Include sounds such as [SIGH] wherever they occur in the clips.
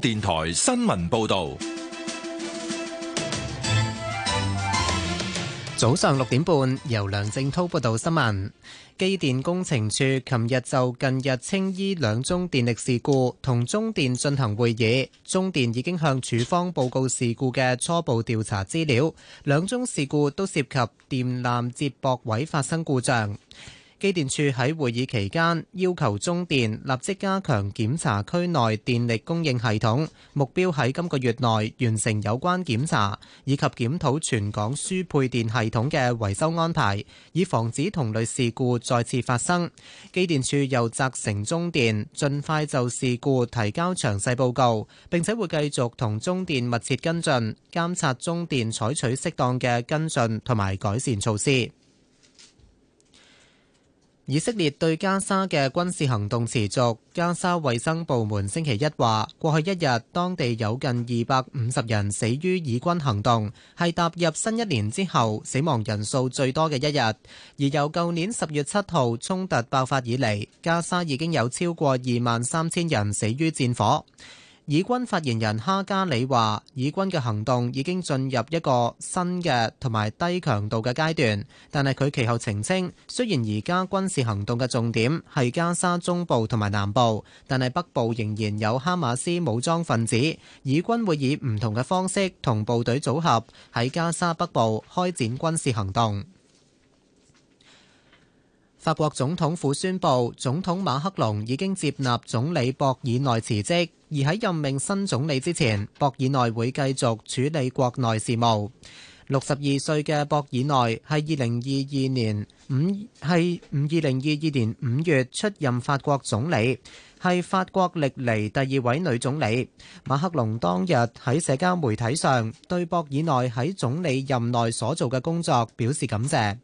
電台新聞報道，早上六點半，由梁正濤報道新聞。機電工程處琴日就近日青衣兩宗電力事故同中電進行會議，中電已經向處方報告事故嘅初步調查資料。兩宗事故都涉及電纜接駁位發生故障。機電處喺會議期間要求中電立即加強檢查區內電力供應系統，目標喺今個月內完成有關檢查以及檢討全港輸配電系統嘅維修安排，以防止同類事故再次發生。機電處又責成中電盡快就事故提交詳細報告，並且會繼續同中電密切跟進，監察中電採取適當嘅跟進同埋改善措施。以色列對加沙嘅軍事行動持續。加沙衛生部門星期一話，過去一日當地有近二百五十人死於以軍行動，係踏入新一年之後死亡人數最多嘅一日。而由舊年十月七號衝突爆發以嚟，加沙已經有超過二萬三千人死於戰火。以軍發言人哈加里話：以軍嘅行動已經進入一個新嘅同埋低強度嘅階段，但係佢其後澄清，雖然而家軍事行動嘅重點係加沙中部同埋南部，但係北部仍然有哈馬斯武裝分子，以軍會以唔同嘅方式同部隊組合喺加沙北部開展軍事行動。法國總統府宣布，總統馬克龍已經接納總理博爾內辭職，而喺任命新總理之前，博爾內會繼續處理國內事務。六十二歲嘅博爾內係二零二二年五係五二零二二年五月出任法國總理，係法國歷嚟第二位女總理。馬克龍當日喺社交媒體上對博爾內喺總理任內所做嘅工作表示感謝。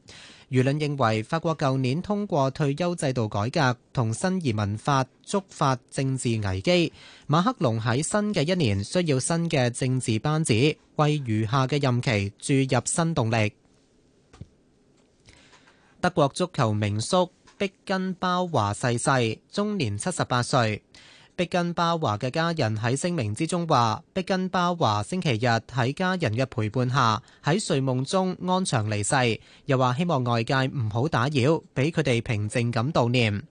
輿論認為法國舊年通過退休制度改革同新移民法觸發政治危機，馬克龍喺新嘅一年需要新嘅政治班子，為餘下嘅任期注入新動力。德國足球名宿碧根包華逝世，終年七十八歲。碧根巴華嘅家人喺聲明之中話：碧根巴華星期日喺家人嘅陪伴下喺睡夢中安詳離世，又話希望外界唔好打擾，俾佢哋平靜咁悼念。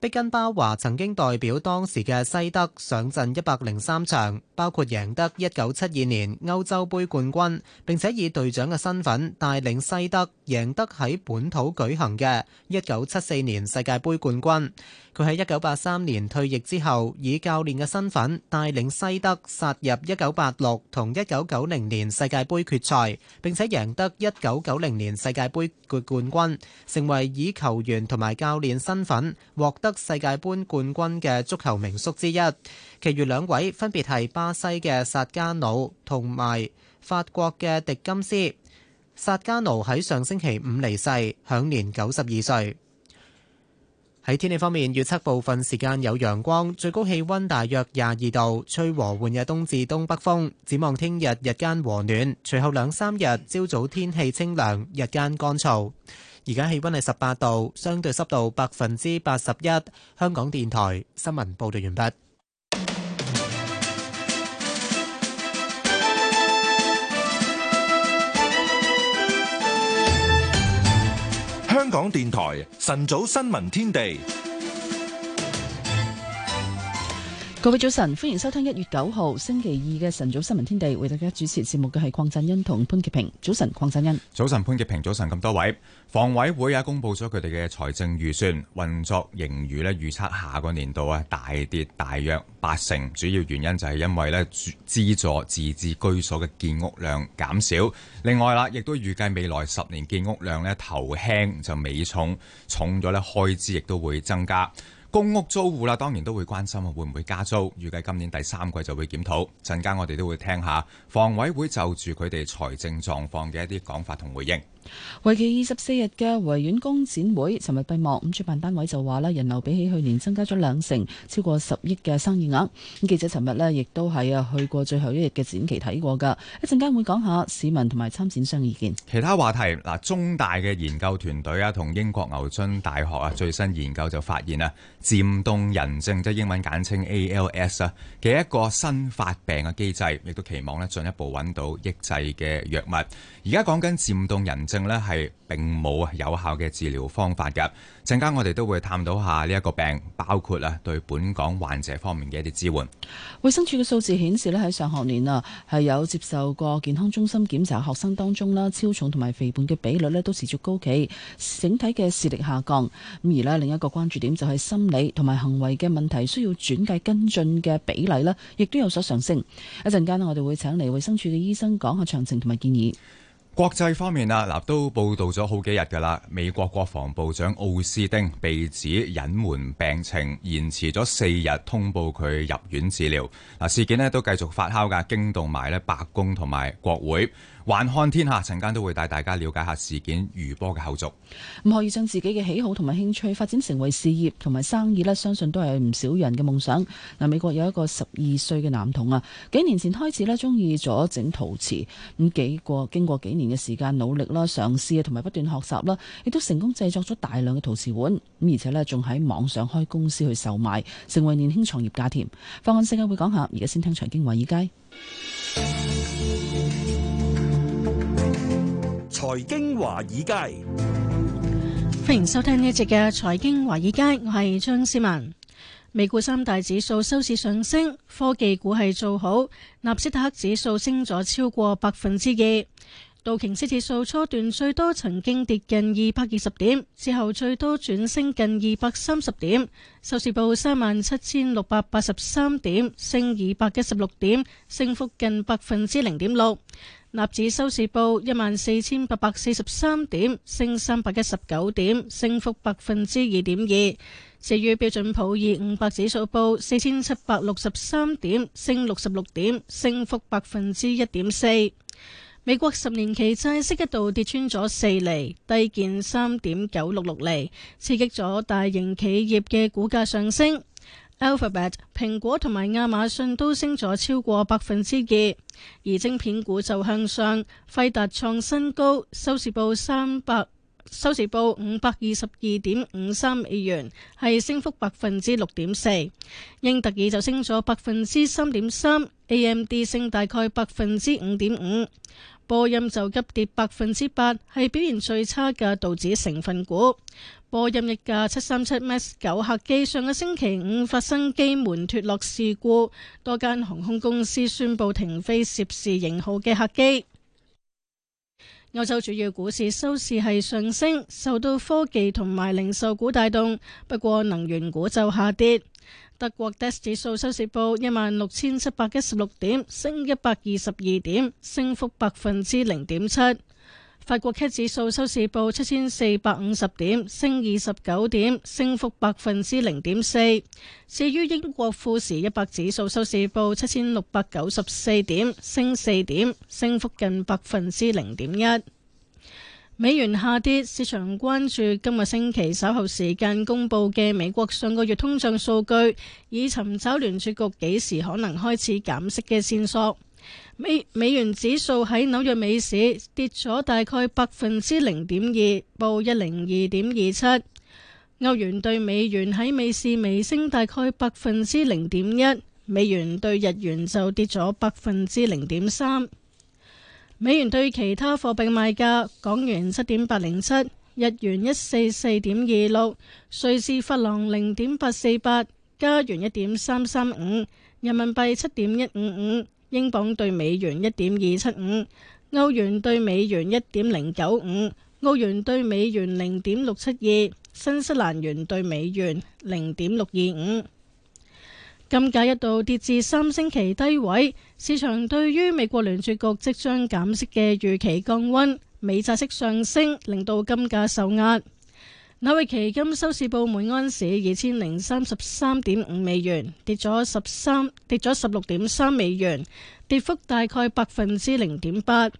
碧根巴華曾經代表當時嘅西德上陣一百零三場，包括贏得一九七二年歐洲盃冠軍，並且以隊長嘅身份帶領西德贏得喺本土舉行嘅一九七四年世界盃冠軍。佢喺1983年退役之後，以教練嘅身份帶領西德殺入1986同1990年世界杯決賽，並且贏得1990年世界杯嘅冠軍，成為以球員同埋教練身份獲得世界杯冠軍嘅足球名宿之一。其餘兩位分別係巴西嘅薩加奴同埋法國嘅迪金斯。薩加奴喺上星期五離世，享年92歲。喺天氣方面，預測部分時間有陽光，最高氣溫大約廿二度，吹和緩嘅東至東北風。展望聽日日間和暖，隨後兩三日朝早天氣清涼，日間乾燥。而家氣溫係十八度，相對濕度百分之八十一。香港電台新聞報道完畢。香港電台晨早新聞天地。各位早晨，歡迎收聽一月九號星期二嘅晨早新聞天地。為大家主持節目嘅係鄺振欣同潘潔平。早晨，鄺振欣。早晨，潘潔平。早晨，咁多位，房委會也公布咗佢哋嘅財政預算運作盈餘咧，預測下個年度啊大跌大約八成，主要原因就係因為咧資助自置居所嘅建屋量減少。另外啦，亦都預計未來十年建屋量咧頭輕就尾重，重咗咧開支亦都會增加。公屋租戶啦，當然都會關心啊，會唔會加租？預計今年第三季就會檢討。陣間我哋都會聽下房委會就住佢哋財政狀況嘅一啲講法同回應。為期二十四日嘅維園工展會，尋日閉幕。咁主辦單位就話啦，人流比起去年增加咗兩成，超過十億嘅生意額。咁記者尋日咧，亦都係啊去過最後一日嘅展期睇過噶。一陣間會講下市民同埋參展商意見。其他話題嗱，中大嘅研究團隊啊，同英國牛津大學啊最新研究就發現啊，漸凍人症即係英文簡稱 ALS 啊嘅一個新發病嘅機制，亦都期望咧進一步揾到抑制嘅藥物。而家講緊漸凍人症。咧係並冇有，有效嘅治療方法噶。陣間我哋都會探討下呢一個病，包括啊對本港患者方面嘅一啲支援。衛生署嘅數字顯示咧，喺上學年啊係有接受過健康中心檢查學生當中啦，超重同埋肥胖嘅比率咧都持續高企。整體嘅視力下降，咁而咧另一個關注點就係心理同埋行為嘅問題，需要轉介跟進嘅比例咧亦都有所上升。一陣間我哋會請嚟衛生署嘅醫生講下詳情同埋建議。國際方面啊，嗱都報道咗好幾日噶啦，美國國防部長奧斯丁被指隱瞞病情，延遲咗四日通報佢入院治療。嗱，事件咧都繼續發酵噶，驚動埋咧白宮同埋國會。還看天下，陣間都會帶大家了解下事件餘波嘅後續。咁可以將自己嘅喜好同埋興趣發展成為事業同埋生意咧，相信都係唔少人嘅夢想。嗱、啊，美國有一個十二歲嘅男童啊，幾年前開始咧，中意咗整陶瓷。咁幾過經過幾年嘅時間努力啦、嘗試啊同埋不斷學習啦，亦都成功製作咗大量嘅陶瓷碗。咁而且咧，仲喺網上開公司去售賣，成為年輕創業家添。放眼世界會講下，而家先聽財經話華爾街。財經華爾街，歡迎收聽呢一節嘅財經華爾街，我係張思文。美股三大指數收市上升，科技股係做好。納斯達克指數升咗超過百分之二，道瓊斯指數初段最多曾經跌近二百二十點，之後最多轉升近二百三十點。收市報三萬七千六百八十三點，升二百一十六點，升幅近百分之零點六。納指收市報一萬四千八百四十三點，升三百一十九點，升幅百分之二點二。至於標準普爾五百指數報四千七百六十三點，升六十六點，升幅百分之一點四。美國十年期債息一度跌穿咗四厘，低見三點九六六厘，刺激咗大型企業嘅股價上升。alphabet、蘋果同埋亞馬遜都升咗超過百分之二，而晶片股就向上，輝達創新高，收市報三百，收市報五百二十二點五三美元，係升幅百分之六點四。英特爾就升咗百分之三點三，AMD 升大概百分之五點五，波音就急跌百分之八，係表現最差嘅道指成分股。波音一架七三七 Max 九客機上個星期五發生機門脫落事故，多間航空公司宣布停飛涉事型號嘅客機。歐洲主要股市收市係上升，受到科技同埋零售股帶動，不過能源股就下跌。德國 DAX 指數收市報一萬六千七百一十六點，升一百二十二點，升幅百分之零點七。法國 K 指數收市報七千四百五十點，升二十九點，升幅百分之零點四。至於英國富時一百指數收市報七千六百九十四點，升四點，升幅近百分之零點一。美元下跌，市場關注今個星期稍後時間公布嘅美國上個月通脹數據，以尋找聯儲局幾時可能開始減息嘅線索。美美元指數喺紐約美市跌咗大概百分之零點二，報一零二點二七。歐元對美元喺美市微升，大概百分之零點一。美元對日元就跌咗百分之零點三。美元對其他貨幣賣價：港元七點八零七，日元一四四點二六，瑞士法郎零點八四八，加元一點三三五，人民幣七點一五五。英鎊兌美元一點二七五，歐元兌美元一點零九五，澳元兌美元零點六七二，新西蘭元兌美元零點六二五。金價一度跌至三星期低位，市場對於美國聯儲局即將減息嘅預期降溫，美債息上升，令到金價受壓。紐約期金收市報每安士二千零三十三點五美元，跌咗十三跌咗十六點三美元，跌幅大概百分之零點八。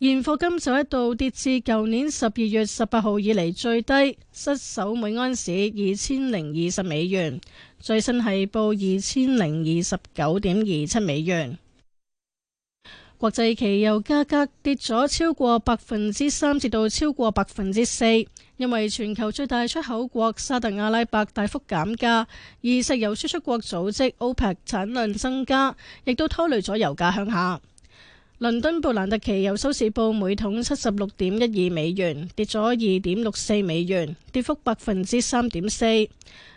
現貨金就一度跌至舊年十二月十八號以嚟最低，失守每安士二千零二十美元，最新係報二千零二十九點二七美元。國際期油價格跌咗超過百分之三，至到超過百分之四。因為全球最大出口國沙特阿拉伯大幅減價，而石油輸出國組織 OPEC 產量增加，亦都拖累咗油價向下。倫敦布蘭特期油收市報每桶七十六點一二美元，跌咗二點六四美元，跌幅百分之三點四。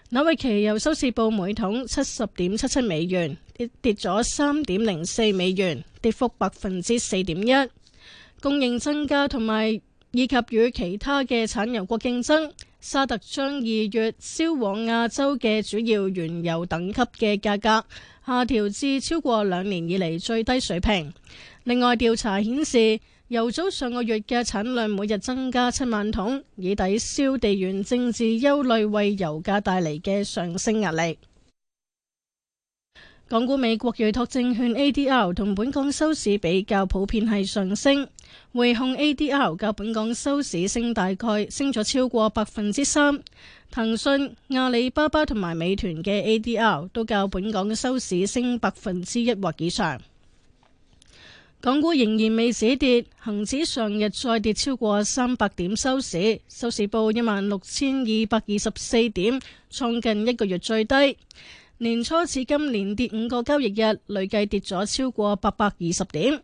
紐約期油收市報每桶七十點七七美元，跌跌咗三點零四美元，跌幅百分之四點一。供應增加同埋。以及與其他嘅產油國競爭，沙特將二月銷往亞洲嘅主要原油等級嘅價格下調至超過兩年以嚟最低水平。另外，調查顯示，油組上個月嘅產量每日增加七萬桶，以抵消地緣政治憂慮為油價帶嚟嘅上升壓力。港股美國預託證券 ADR 同本港收市比較普遍係上升，匯控 ADR 較本港收市升大概升咗超過百分之三，騰訊、阿里巴巴同埋美團嘅 ADR 都較本港嘅收市升百分之一或以上。港股仍然未止跌，恒指上日再跌超過三百點收市，收市報一萬六千二百二十四點，創近一個月最低。年初至今連跌五個交易日，累計跌咗超過八百二十點。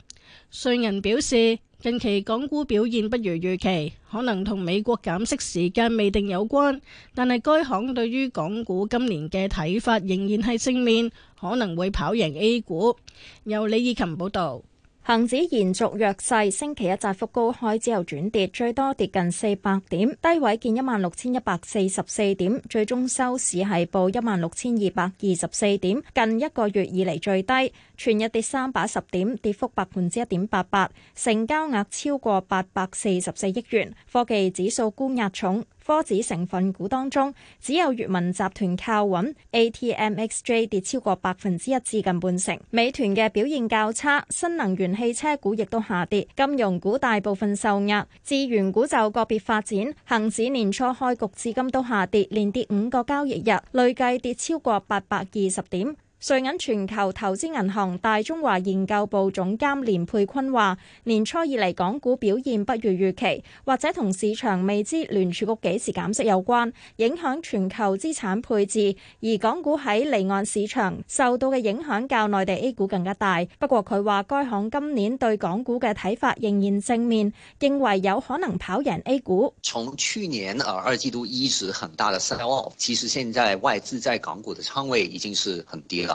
瑞銀表示，近期港股表現不如預期，可能同美國減息時間未定有關。但係該行對於港股今年嘅睇法仍然係正面，可能會跑贏 A 股。由李以琴報道。恒指延續弱勢，星期一窄幅高開之後轉跌，最多跌近四百點，低位見一萬六千一百四十四點，最終收市係報一萬六千二百二十四點，近一個月以嚟最低。全日跌三百十點，跌幅百分之一點八八，成交額超過八百四十四億元。科技指數沽壓重，科指成分股當中只有閱文集團靠穩，ATMXJ 跌超過百分之一至近半成。美團嘅表現較差，新能源汽車股亦都下跌，金融股大部分受壓，資源股就個別發展。恒指年初開局至今都下跌，連跌五個交易日，累計跌超過八百二十點。瑞銀全球投資銀行大中華研究部總監連佩坤話：年初以嚟港股表現不如預期，或者同市場未知聯儲局幾時減息有關，影響全球資產配置，而港股喺離岸市場受到嘅影響較內地 A 股更加大。不過佢話，該行今年對港股嘅睇法仍然正面，認為有可能跑贏 A 股。從去年而二季度一直很大的 sell off，其實現在外資在港股的倉位已經是很低啦。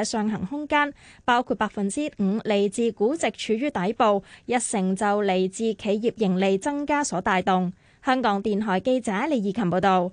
上行空間包括百分之五嚟自估值處於底部，一成就嚟自企業盈利增加所帶動。香港電台記者李怡琴報道。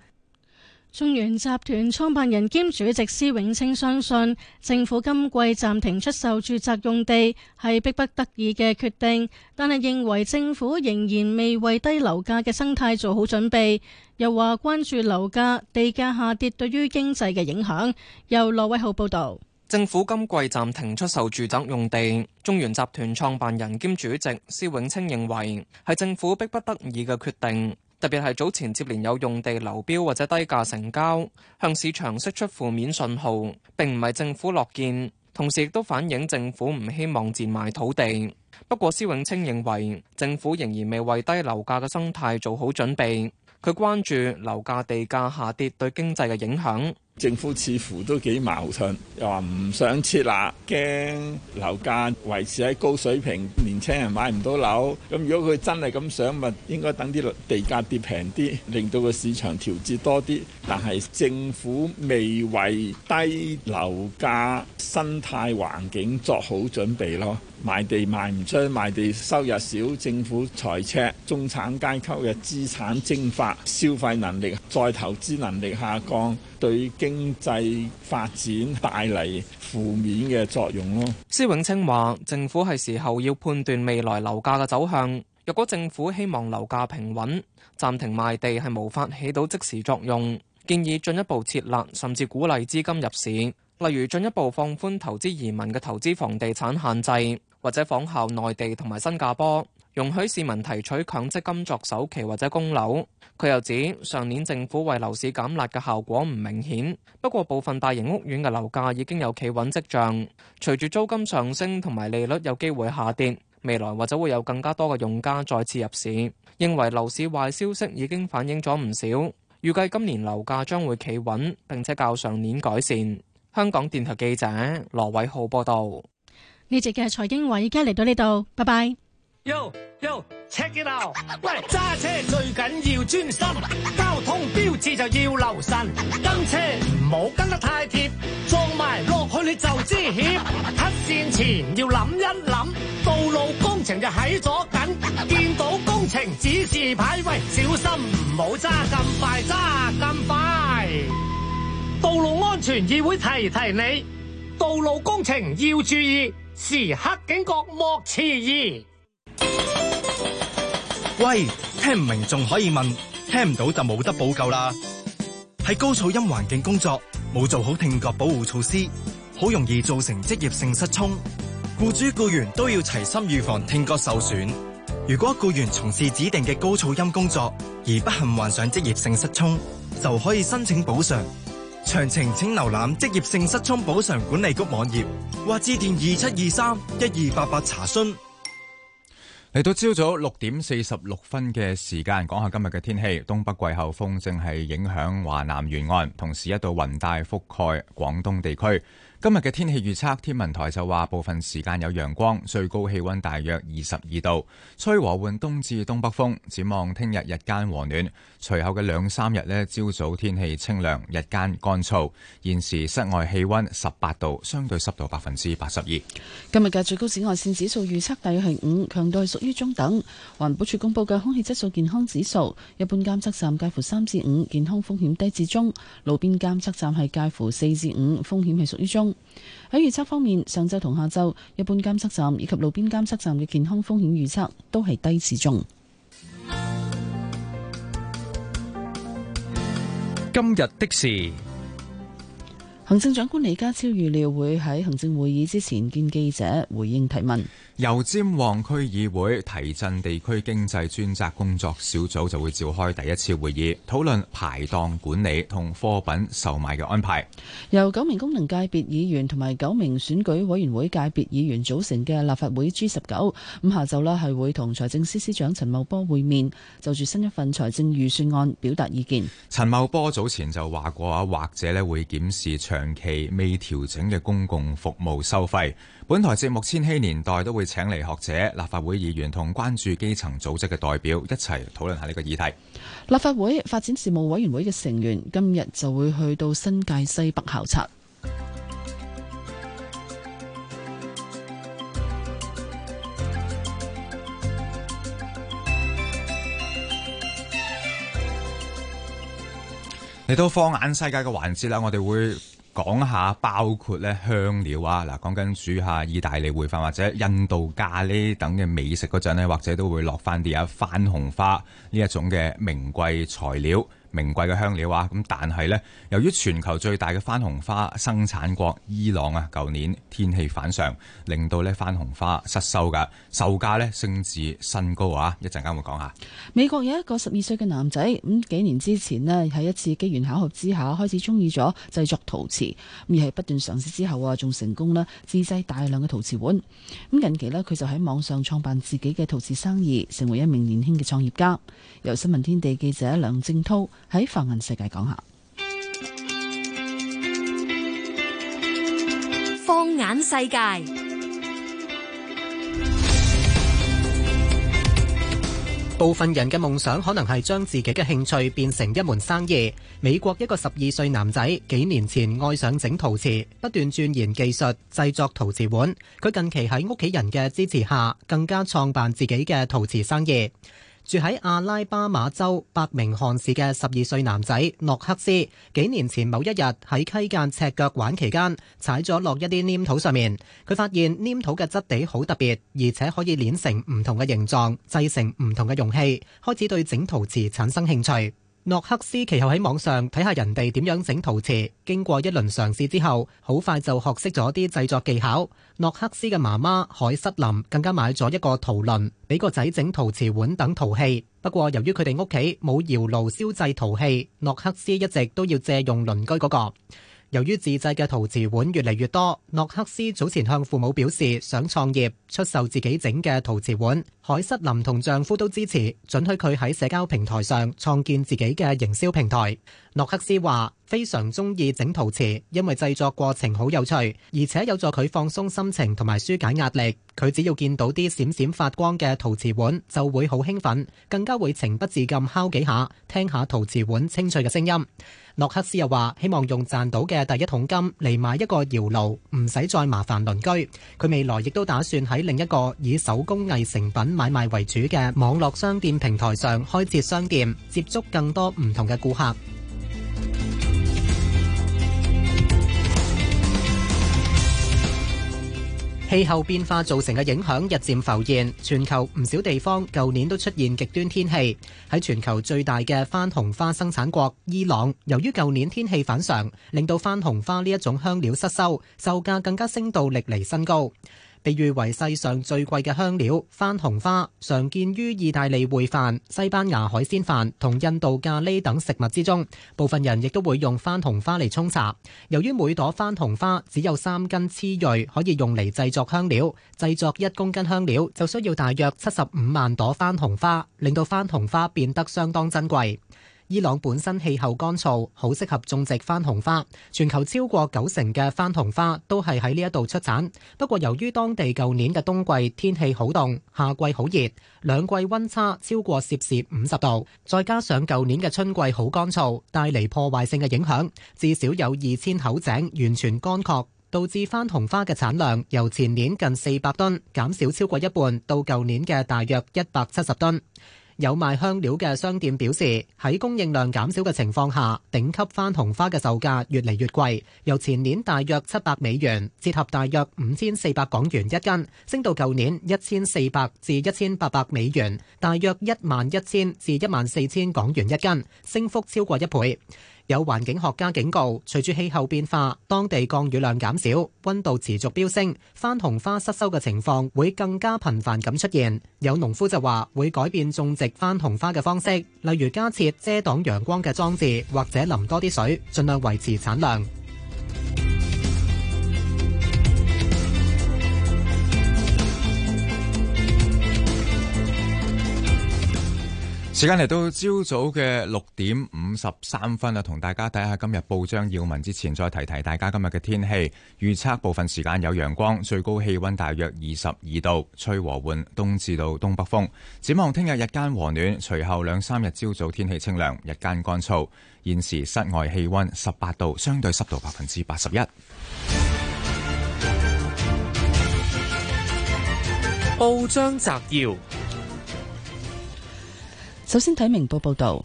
中原集團創辦人兼主席施永清相信政府今季暫停出售住宅用地係逼不得已嘅決定，但係認為政府仍然未為低樓價嘅生態做好準備，又話關注樓價、地價下跌對於經濟嘅影響。由羅偉浩報道。政府今季暫停出售住宅用地，中原集團創辦人兼主席施永清認為係政府逼不得已嘅決定，特別係早前接連有用地流標或者低價成交，向市場釋出負面信號，並唔係政府樂見，同時亦都反映政府唔希望賤賣土地。不過，施永清認為政府仍然未為低樓價嘅生態做好準備，佢關注樓價地價下跌對經濟嘅影響。政府似乎都幾矛盾，又話唔想設立，驚樓價維持喺高水平，年青人買唔到樓，咁如果佢真係咁想，咪應該等啲地價跌平啲，令到個市場調節多啲。但係政府未為低樓價生態環境作好準備咯，賣地賣唔出，賣地收入少，政府財赤，中產階級嘅資產蒸發，消費能力、再投資能力下降，對經經濟發展帶嚟負面嘅作用咯。施永青話：政府係時候要判斷未來樓價嘅走向。若果政府希望樓價平穩，暫停賣地係無法起到即時作用。建議進一步設立，甚至鼓勵資金入市，例如進一步放寬投資移民嘅投資房地產限制，或者仿效內地同埋新加坡。容許市民提取強積金作首期或者供樓。佢又指，上年政府為樓市減辣嘅效果唔明顯，不過部分大型屋苑嘅樓價已經有企穩迹象。隨住租金上升同埋利率有機會下跌，未來或者會有更加多嘅用家再次入市。認為樓市壞消息已經反映咗唔少，預計今年樓價將會企穩，並且較上年改善。香港電台記者羅偉浩報道。呢節嘅財經話，而家嚟到呢度，拜拜。喲喲，check it out！喂，揸車最緊要專心，交通標誌就要留神，跟車唔好跟得太貼，撞埋落去你就知險。切線前要諗一諗，道路工程就喺左近，見到工程指示牌喂，小心唔好揸咁快，揸咁快。道路安全議會提提你，道路工程要注意，時刻警覺莫遲疑。喂，聽唔明仲可以問，聽唔到就冇得補救啦。喺高噪音環境工作，冇做好聽覺保護措施，好容易造成職業性失聰。僱主僱員都要齊心預防聽覺受損。如果僱員從事指定嘅高噪音工作而不幸患上職業性失聰，就可以申請補償。詳情請瀏覽職業性失聰補償管理局網頁或致電二七二三一二八八查詢。嚟到朝早六點四十六分嘅時間，講下今日嘅天氣。東北季候風正係影響華南沿岸，同時一道雲帶覆蓋廣東地區。今日嘅天氣預測，天文台就話部分時間有陽光，最高氣溫大約二十二度，吹和緩東至東北風。展望聽日日間和暖，隨後嘅兩三日咧，朝早天氣清涼，日間乾燥。現時室外氣溫十八度，相對濕度百分之八十二。今日嘅最高紫外綫指數預測大約係五，強度係屬於中等。環保署公布嘅空氣質素健康指數，一般監測站介乎三至五，健康風險低至中；路邊監測站係介乎四至五，風險係屬於中。喺預測方面，上周同下周，一般監測站以及路邊監測站嘅健康風險預測都係低至中。今日的事，行政長官李家超預料會喺行政會議之前見記者回應提問。由尖旺區議會提振地區經濟專責工作小組就會召開第一次會議，討論排檔管理同貨品售賣嘅安排。由九名功能界別議員同埋九名選舉委員會界別議員組成嘅立法會 G 十九，咁下晝呢係會同財政司司長陳茂波會面，就住新一份財政預算案表達意見。陳茂波早前就話過啊，或者呢會檢視長期未調整嘅公共服務收費。本台節目《千禧年代》都會請嚟學者、立法會議員同關注基層組織嘅代表一齊討論下呢個議題。立法會發展事務委員會嘅成員今日就會去到新界西北考察。嚟到放眼世界嘅環節啦，我哋會。講下包括咧香料啊，嗱講緊煮下意大利燴飯或者印度咖喱等嘅美食嗰陣咧，或者都會落翻啲啊番紅花呢一種嘅名貴材料。名貴嘅香料啊！咁但係呢，由於全球最大嘅番紅花生產國伊朗啊，舊年天氣反常，令到呢番紅花失收噶，售價呢升至新高啊！一陣間會講下。美國有一個十二歲嘅男仔，咁幾年之前呢，喺一次機緣巧合之下，開始中意咗製作陶瓷，而係不斷嘗試之後啊，仲成功啦自製大量嘅陶瓷碗。咁近期呢，佢就喺網上創辦自己嘅陶瓷生意，成為一名年輕嘅創業家。由新聞天地記者梁正濤。喺放眼世界講下，放眼世界，部分人嘅夢想可能係將自己嘅興趣變成一門生意。美國一個十二歲男仔幾年前愛上整陶瓷，不斷鑽研技術，製作陶瓷碗。佢近期喺屋企人嘅支持下，更加創辦自己嘅陶瓷生意。住喺阿拉巴馬州伯明翰市嘅十二歲男仔諾克斯，幾年前某一日喺溪澗赤腳玩期間，踩咗落一啲黏土上面，佢發現黏土嘅質地好特別，而且可以捏成唔同嘅形狀，製成唔同嘅容器，開始對整陶瓷產生興趣。諾克斯其後喺網上睇下人哋點樣整陶瓷，經過一輪嘗試之後，好快就學識咗啲製作技巧。諾克斯嘅媽媽海瑟琳更加買咗一個陶輪，俾個仔整陶瓷碗等陶器。不過由於佢哋屋企冇窯爐燒製陶器，諾克斯一直都要借用鄰居嗰個。由於自製嘅陶瓷碗越嚟越多，諾克斯早前向父母表示想創業，出售自己整嘅陶瓷碗。海瑟琳同丈夫都支持，準許佢喺社交平台上創建自己嘅營銷平台。諾克斯話非常中意整陶瓷，因為製作過程好有趣，而且有助佢放鬆心情同埋舒解壓力。佢只要見到啲閃閃發光嘅陶瓷碗，就會好興奮，更加會情不自禁敲幾下，聽下陶瓷碗清脆嘅聲音。諾克斯又話希望用賺到嘅第一桶金嚟買一個窯爐，唔使再麻煩鄰居。佢未來亦都打算喺另一個以手工藝成品買賣為主嘅網絡商店平台上開設商店，接觸更多唔同嘅顧客。氣 [MUSIC] 候變化造成嘅影響日漸浮現，全球唔少地方舊年都出現極端天氣。喺全球最大嘅番紅花生產國伊朗，由於舊年天氣反常，令到番紅花呢一種香料失收，售價更加升到歷嚟新高。被譽為世上最貴嘅香料番紅花，常見於意大利燴飯、西班牙海鮮飯同印度咖喱等食物之中。部分人亦都會用番紅花嚟沖茶。由於每朵番紅花只有三根雌蕊可以用嚟製作香料，製作一公斤香料就需要大約七十五萬朵番紅花，令到番紅花變得相當珍貴。伊朗本身氣候乾燥，好適合種植番紅花。全球超過九成嘅番紅花都係喺呢一度出產。不過由於當地舊年嘅冬季天氣好凍，夏季好熱，兩季温差超過攝氏五十度，再加上舊年嘅春季好乾燥，帶嚟破壞性嘅影響，至少有二千口井完全乾涸，導致番紅花嘅產量由前年近四百噸減少超過一半，到舊年嘅大約一百七十噸。有賣香料嘅商店表示，喺供應量減少嘅情況下，頂級番紅花嘅售價越嚟越貴，由前年大約七百美元，折合大約五千四百港元一斤，升到舊年一千四百至一千八百美元，大約一萬一千至一萬四千港元一斤，升幅超過一倍。有環境學家警告，隨住氣候變化，當地降雨量減少，溫度持續飆升，番紅花失收嘅情況會更加頻繁咁出現。有農夫就話會改變種植番紅花嘅方式，例如加設遮擋陽光嘅裝置，或者淋多啲水，盡量維持產量。時間嚟到朝早嘅六點五十三分啦，同大家睇下今日報章要聞之前，再提提大家今日嘅天氣預測。預測部分時間有陽光，最高氣溫大約二十二度，吹和緩東至到東北風。展望聽日日間和暖，隨後兩三日朝早天氣清涼，日間乾燥。現時室外氣溫十八度，相對濕度百分之八十一。報章摘要。首先睇明報報道，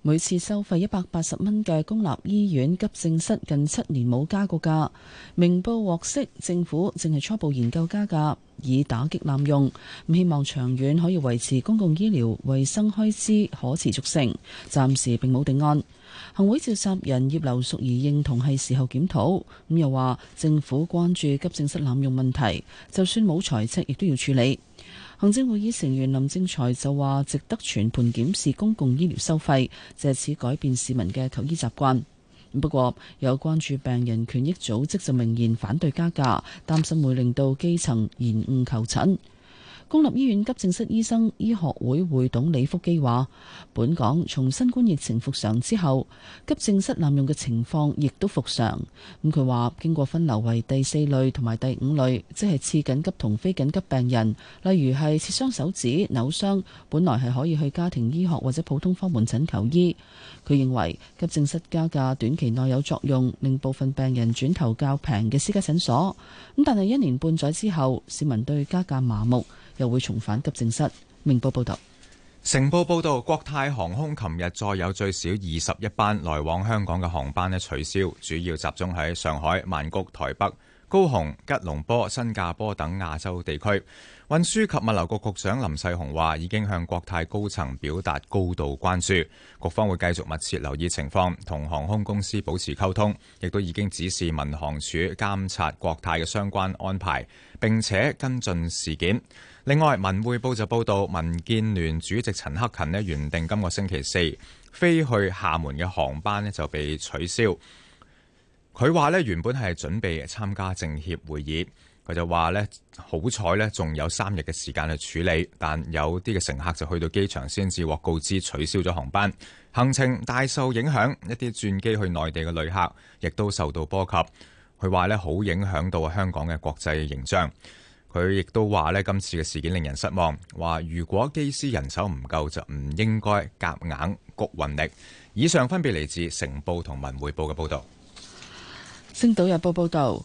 每次收費一百八十蚊嘅公立醫院急症室近七年冇加過價，明報獲悉，政府正係初步研究加價以打擊濫用。咁希望長遠可以維持公共醫療衛生開支可持續性。暫時並冇定案。行會召集人葉劉淑儀認同係時候檢討，咁又話政府關注急症室濫用問題，就算冇財赤亦都要處理。行政會議成員林正財就話：值得全盤檢視公共醫療收費，借此改變市民嘅求醫習慣。不過，有關注病人權益組織就明言反對加價，擔心會令到基層延誤求診。公立醫院急症室醫生醫學會會董李福基話，本港從新冠疫情復常之後，急症室濫用嘅情況亦都復常。咁佢話經過分流為第四類同埋第五類，即係次緊急同非緊急病人，例如係切傷手指、扭傷，本來係可以去家庭醫學或者普通科門診求醫。佢認為急症室加價短期內有作用，令部分病人轉投較平嘅私家診所。咁但係一年半載之後，市民對加價麻木。又會重返急症室。明報報道，成報報道，國泰航空琴日再有最少二十一班來往香港嘅航班呢取消，主要集中喺上海、曼谷、台北、高雄、吉隆坡、新加坡等亞洲地區。運輸及物流局局長林世雄話，已經向國泰高層表達高度關注，局方會繼續密切留意情況，同航空公司保持溝通，亦都已經指示民航處監察國泰嘅相關安排，並且跟進事件。另外，文匯報就報道，民建聯主席陳克勤呢原定今個星期四飛去廈門嘅航班呢就被取消。佢話呢原本係準備參加政協會議，佢就話呢好彩呢仲有三日嘅時間去處理，但有啲嘅乘客就去到機場先至獲告知取消咗航班，行程大受影響。一啲轉機去內地嘅旅客亦都受到波及。佢話呢好影響到香港嘅國際形象。佢亦都話呢今次嘅事件令人失望。話如果機師人手唔夠，就唔應該夾硬谷運力。以上分別嚟自《成報》同《文匯報》嘅報導。《星島日報》報道，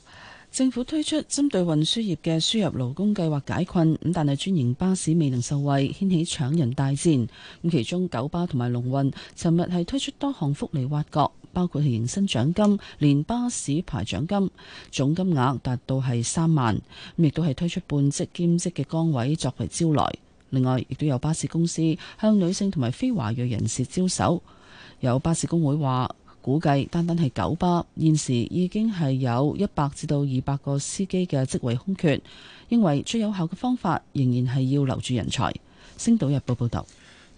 政府推出針對運輸業嘅輸入勞工計劃解困，咁但係專營巴士未能受惠，掀起搶人大戰。咁其中九巴同埋龍運尋日係推出多項福利挖角。包括係迎新獎金、連巴士牌獎金，總金額達到係三萬，亦都係推出半職兼職嘅崗位作為招來。另外，亦都有巴士公司向女性同埋非華裔人士招手。有巴士工會話，估計單單係九巴，現時已經係有一百至到二百個司機嘅職位空缺，認為最有效嘅方法仍然係要留住人才。星島日報報道。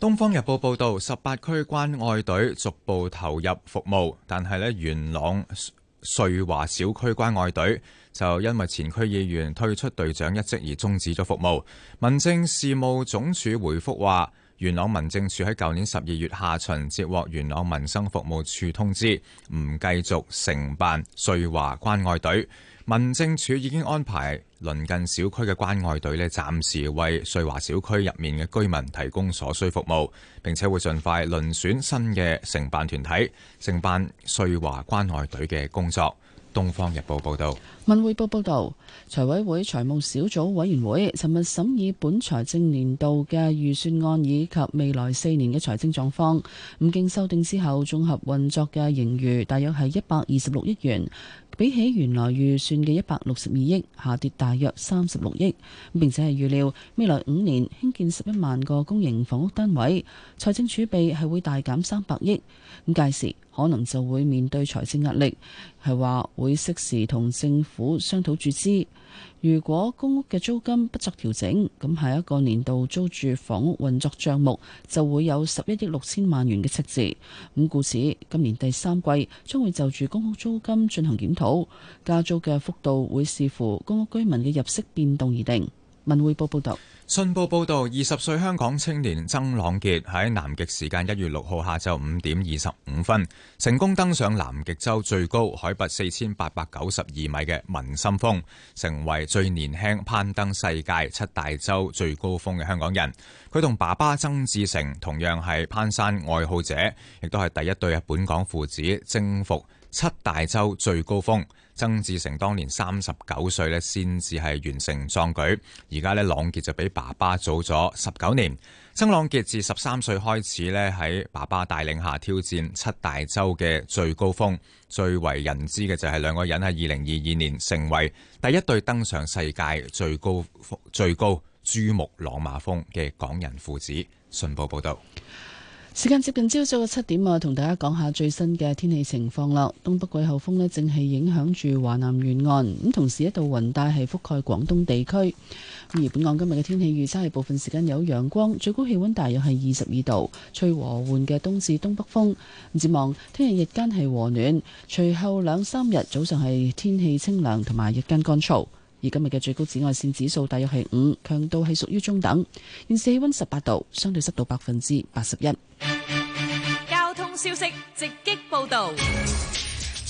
《東方日報》報道，十八區關愛隊逐步投入服務，但係呢元朗瑞華小區關愛隊就因為前區議員退出隊長一職而終止咗服務。民政事務總署回覆話，元朗民政處喺舊年十二月下旬接獲元朗民生服務處通知，唔繼續承辦瑞華關愛隊。民政處已經安排鄰近小區嘅關愛隊咧，暫時為瑞華小區入面嘅居民提供所需服務，並且會盡快遴選新嘅承辦團體承辦瑞華關愛隊嘅工作。《東方日報》報道。《文匯報》報道，財委會財務小組委員會尋日審議本財政年度嘅預算案以及未來四年嘅財政狀況，五經修訂之後綜合運作嘅盈餘大約係一百二十六億元。比起原來預算嘅一百六十二億，下跌大約三十六億，並且係預料未來五年興建十一萬個公營房屋單位，財政儲備係會大減三百億。咁屆時可能就會面對財政壓力，係話會適時同政府商討注資。如果公屋嘅租金不作調整，咁下一個年度租住房屋運作帳目就會有十一億六千萬元嘅赤字。咁故此，今年第三季將會就住公屋租金進行檢討，加租嘅幅度會視乎公屋居民嘅入息變動而定。文匯報報道。信報報導，二十歲香港青年曾朗傑喺南極時間一月六號下晝五點二十五分，成功登上南極洲最高海拔四千八百九十二米嘅文心峰，成為最年輕攀登世界七大洲最高峰嘅香港人。佢同爸爸曾志成同樣係攀山愛好者，亦都係第一對本港父子征服七大洲最高峰。曾志成當年三十九歲咧，先至係完成壯舉。而家咧，朗杰就比爸爸早咗十九年。曾朗杰自十三歲開始咧，喺爸爸帶領下挑戰七大洲嘅最高峰。最為人知嘅就係兩個人喺二零二二年成為第一對登上世界最高最高珠穆朗瑪峰嘅港人父子。信報報道。時間接近朝早嘅七點啊，同大家講下最新嘅天氣情況啦。東北季候風咧正係影響住華南沿岸，咁同時一度雲帶係覆蓋廣東地區。而本港今日嘅天氣預測係部分時間有陽光，最高氣溫大約係二十二度，吹和緩嘅東至東北風。展望聽日日間係和暖，隨後兩三日早上係天氣清涼同埋日間乾燥。而今日嘅最高紫外線指數大約係五，強度係屬於中等。現時氣温十八度，相對濕度百分之八十一。交通消息直擊報導。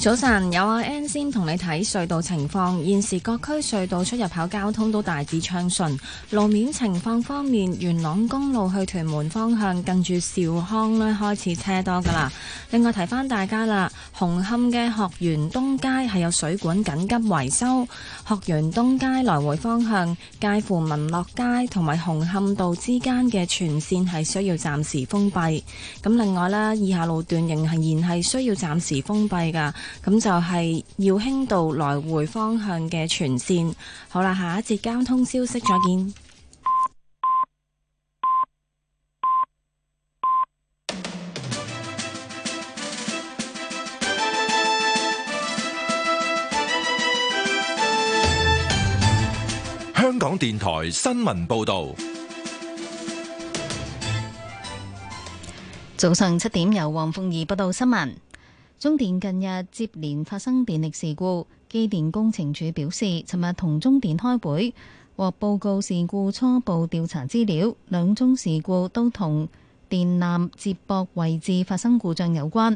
早晨，有阿 N 先同你睇隧道情況。現時各區隧道出入口交通都大致暢順。路面情況方面，元朗公路去屯門方向近住兆康咧，開始車多噶啦。另外提翻大家啦，紅磡嘅學園東街係有水管緊急維修，學園東街來回方向介乎民樂街同埋紅磡道之間嘅全線係需要暫時封閉。咁另外啦，以下路段仍然係需要暫時封閉噶。咁就係耀興道來回方向嘅全線。好啦，下一節交通消息再見。香港電台新聞報道，早上七點由黃鳳儀報道新聞。中電近日接連發生電力事故，機電工程署表示，尋日同中電開會，獲報告事故初步調查資料，兩宗事故都同電纜接駁位置發生故障有關。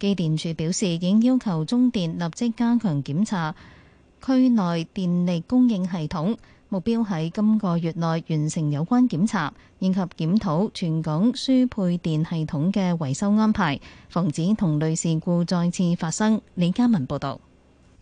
機電署表示，已經要求中電立即加強檢查區內電力供應系統。目標喺今個月內完成有關檢查，以及檢討全港輸配電系統嘅維修安排，防止同類事故再次發生。李嘉文報導。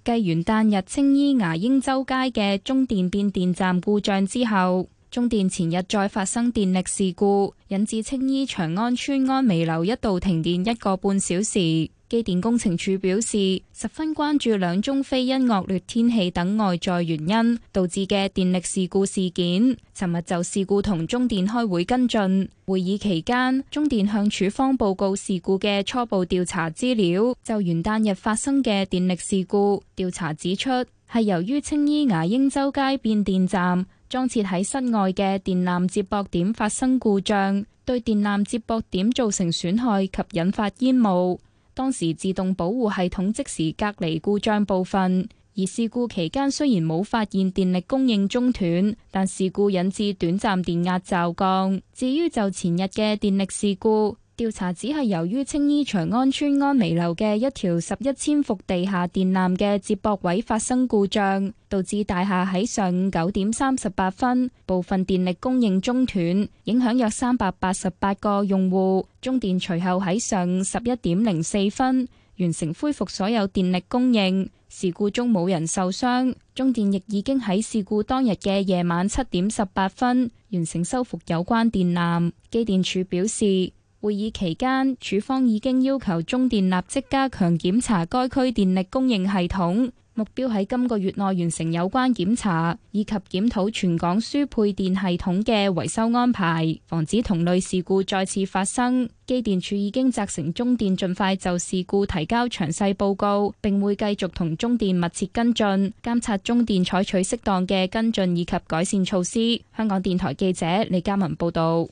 繼元旦日青衣牙英洲街嘅中電變電站故障之後，中電前日再發生電力事故，引致青衣長安村安，安微樓一度停電一個半小時。機電工程署表示，十分關注兩宗非因惡劣天氣等外在原因導致嘅電力事故事件。尋日就事故同中電開會跟進。會議期間，中電向署方報告事故嘅初步調查資料。就元旦日發生嘅電力事故，調查指出係由於青衣牙鷹洲街變電站。裝設喺室外嘅電纜接駁點發生故障，對電纜接駁點造成損害及引發煙霧。當時自動保護系統即時隔離故障部分，而事故期間雖然冇發現電力供應中斷，但事故引致短暫電壓驟降。至於就前日嘅電力事故，調查只係由於青衣長安村安湄樓嘅一條十一千伏地下電纜嘅接駁位發生故障，導致大廈喺上午九點三十八分部分電力供應中斷，影響約三百八十八個用戶。中電隨後喺上午十一點零四分完成恢復所有電力供應。事故中冇人受傷。中電亦已經喺事故當日嘅夜晚七點十八分完成修復有關電纜。機電署表示，會議期間，署方已經要求中電立即加強檢查該區電力供應系統，目標喺今個月內完成有關檢查，以及檢討全港輸配電系統嘅維修安排，防止同類事故再次發生。機電署已經責成中電盡快就事故提交詳細報告，並會繼續同中電密切跟進，監察中電採取適當嘅跟進以及改善措施。香港電台記者李嘉文報道。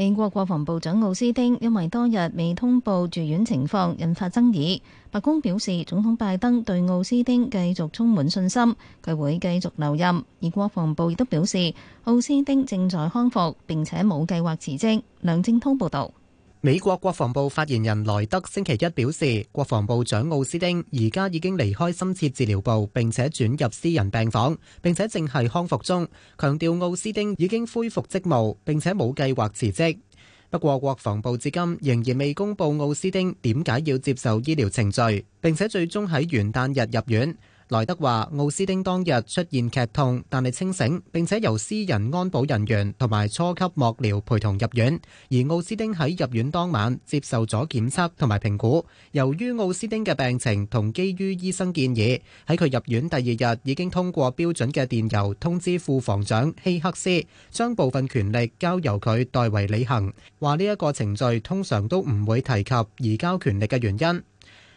美國國防部長奧斯汀因為多日未通報住院情況，引發爭議。白宮表示，總統拜登對奧斯汀繼續充滿信心，佢會繼續留任。而國防部亦都表示，奧斯汀正在康復，並且冇計劃辭職。梁正通報道。美國國防部發言人萊德星期一表示，國防部長奧斯汀而家已經離開深切治療部，並且轉入私人病房，並且正係康復中，強調奧斯汀已經恢復職務，並且冇計劃辭職。不過，國防部至今仍然未公布奧斯汀點解要接受醫療程序，並且最終喺元旦日入院。萊德話：奧斯丁當日出現劇痛，但係清醒，並且由私人安保人員同埋初級幕僚陪同入院。而奧斯丁喺入院當晚接受咗檢測同埋評估。由於奧斯丁嘅病情同基於醫生建議，喺佢入院第二日已經通過標準嘅電郵通知副防長希克斯，將部分權力交由佢代為履行。話呢一個程序通常都唔會提及移交權力嘅原因。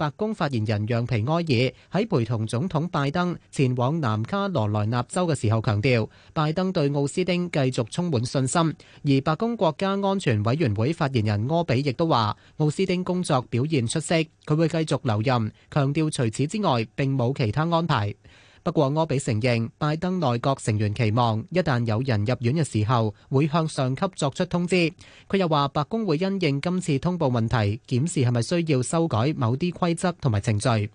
白宮發言人揚皮埃爾喺陪同總統拜登前往南卡羅來納州嘅時候強調，拜登對奧斯丁繼續充滿信心。而白宮國家安全委員會發言人柯比亦都話，奧斯丁工作表現出色，佢會繼續留任。強調除此之外，並冇其他安排。不過，柯比承認，拜登內閣成員期望一旦有人入院嘅時候，會向上級作出通知。佢又話，白宮會因應今次通報問題，檢視係咪需要修改某啲規則同埋程序。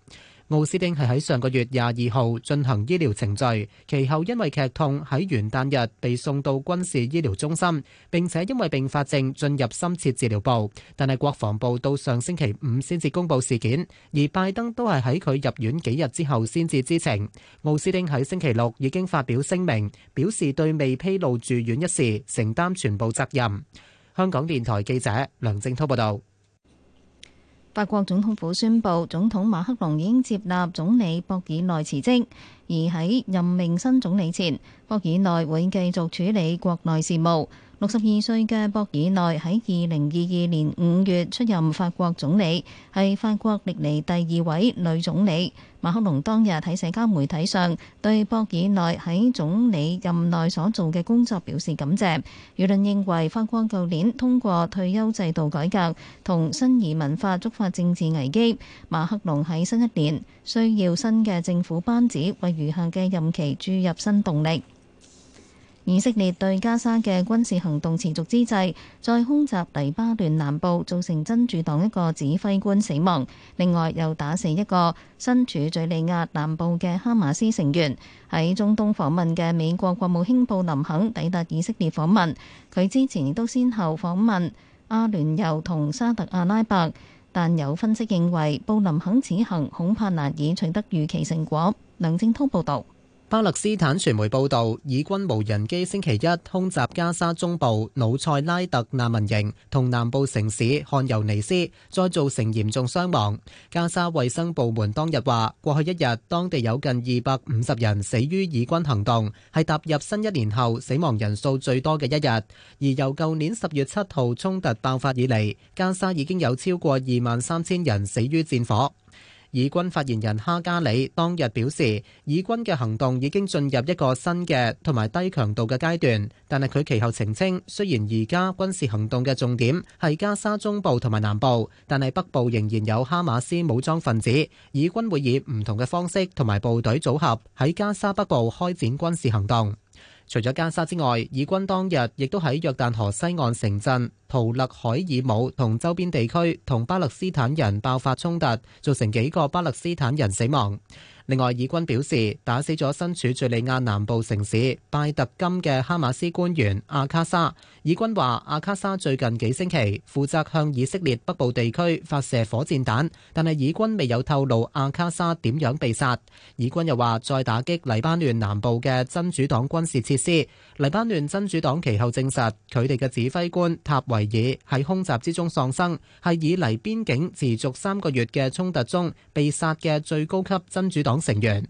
奧斯汀係喺上個月廿二號進行醫療程序，其後因為劇痛喺元旦日被送到軍事醫療中心，並且因為併發症進入深切治療部。但係國防部到上星期五先至公布事件，而拜登都係喺佢入院幾日之後先至知情。奧斯汀喺星期六已經發表聲明，表示對未披露住院一事承擔全部責任。香港電台記者梁正濤報道。法國總統府宣布，總統馬克龍已經接納總理博爾內辭職，而喺任命新總理前，博爾內會繼續處理國內事務。六十二歲嘅博爾內喺二零二二年五月出任法國總理，係法國歷嚟第二位女總理。馬克龍當日喺社交媒體上對博爾內喺總理任內所做嘅工作表示感謝。輿論認為法國舊年通過退休制度改革同新移民法觸發政治危機，馬克龍喺新一年需要新嘅政府班子為餘下嘅任期注入新動力。以色列對加沙嘅軍事行動持續之際，再空襲黎巴嫩南部造成真主黨一個指揮官死亡，另外又打死一個身處敘利亞南部嘅哈馬斯成員。喺中東訪問嘅美國國務卿布林肯抵達以色列訪問，佢之前都先後訪問阿聯酋同沙特阿拉伯，但有分析認為布林肯此行恐怕難以取得預期成果。梁正通報導。巴勒斯坦傳媒報道，以軍無人機星期一空襲加沙中部努塞拉特難民營同南部城市漢尤尼斯，再造成嚴重傷亡。加沙衛生部門當日話，過去一日當地有近二百五十人死於以軍行動，係踏入新一年後死亡人數最多嘅一日。而由舊年十月七號衝突爆發以嚟，加沙已經有超過二萬三千人死於戰火。以軍發言人哈加里當日表示，以軍嘅行動已經進入一個新嘅同埋低強度嘅階段，但係佢其後澄清，雖然而家軍事行動嘅重點係加沙中部同埋南部，但係北部仍然有哈馬斯武裝分子，以軍會以唔同嘅方式同埋部隊組合喺加沙北部開展軍事行動。除咗加沙之外，以軍當日亦都喺約旦河西岸城鎮圖勒海爾姆同周邊地區同巴勒斯坦人爆發衝突，造成幾個巴勒斯坦人死亡。另外，以軍表示打死咗身處敘利亞南部城市拜特金嘅哈馬斯官員阿卡莎。以軍話，阿卡莎最近幾星期負責向以色列北部地區發射火箭彈，但係以軍未有透露阿卡莎點樣被殺。以軍又話再打擊黎巴嫩南部嘅真主黨軍事設施。黎巴嫩真主黨其後證實，佢哋嘅指揮官塔維爾喺空襲之中喪生，係以黎邊境持續三個月嘅衝突中被殺嘅最高級真主黨成員。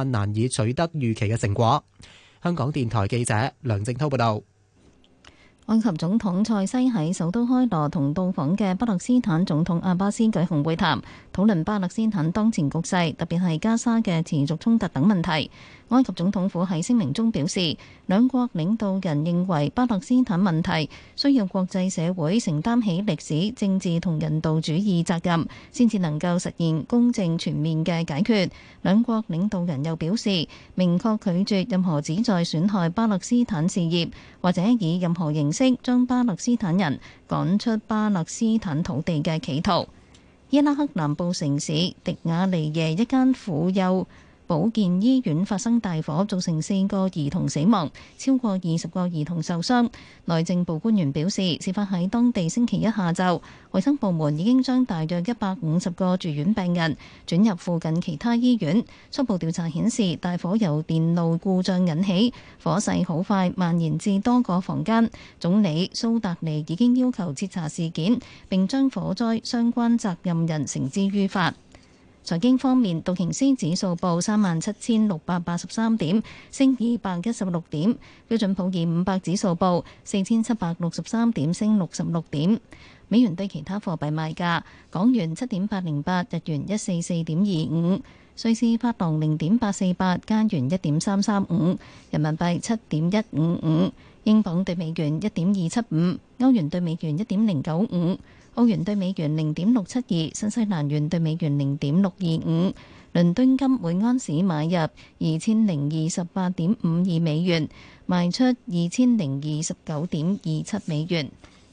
難以取得預期嘅成果。香港電台記者梁正濤報道：埃及總統塞西喺首都開羅同到訪嘅巴勒斯坦總統阿巴斯舉行會談，討論巴勒斯坦當前局勢，特別係加沙嘅持續衝突等問題。埃及總統府喺聲明中表示，兩國領導人認為巴勒斯坦問題需要國際社會承擔起歷史、政治同人道主義責任，先至能夠實現公正全面嘅解決。兩國領導人又表示，明確拒絕任何旨在損害巴勒斯坦事業或者以任何形式將巴勒斯坦人趕出巴勒斯坦土地嘅企圖。伊拉克南部城市迪瓦尼耶一間婦幼保健醫院發生大火，造成四個兒童死亡，超過二十個兒童受傷，內政部官員表示，事發喺當地星期一下晝。衛生部門已經將大約一百五十個住院病人轉入附近其他醫院。初步調查顯示，大火由電路故障引起，火勢好快蔓延至多個房間，總理蘇達尼已經要求徹查事件，並將火災相關責任人繩之於法。財經方面，道瓊斯指數報三萬七千六百八十三點，升二百一十六點；標準普爾五百指數報四千七百六十三點，升六十六點。美元對其他貨幣賣價：港元七點八零八，日元一四四點二五，瑞士法郎零點八四八，加元一點三三五，人民幣七點一五五，英鎊對美元一點二七五，歐元對美元一點零九五。澳元兌美元零點六七二，新西蘭元兌美元零點六二五，倫敦金每安士買入二千零二十八點五二美元，賣出二千零二十九點二七美元。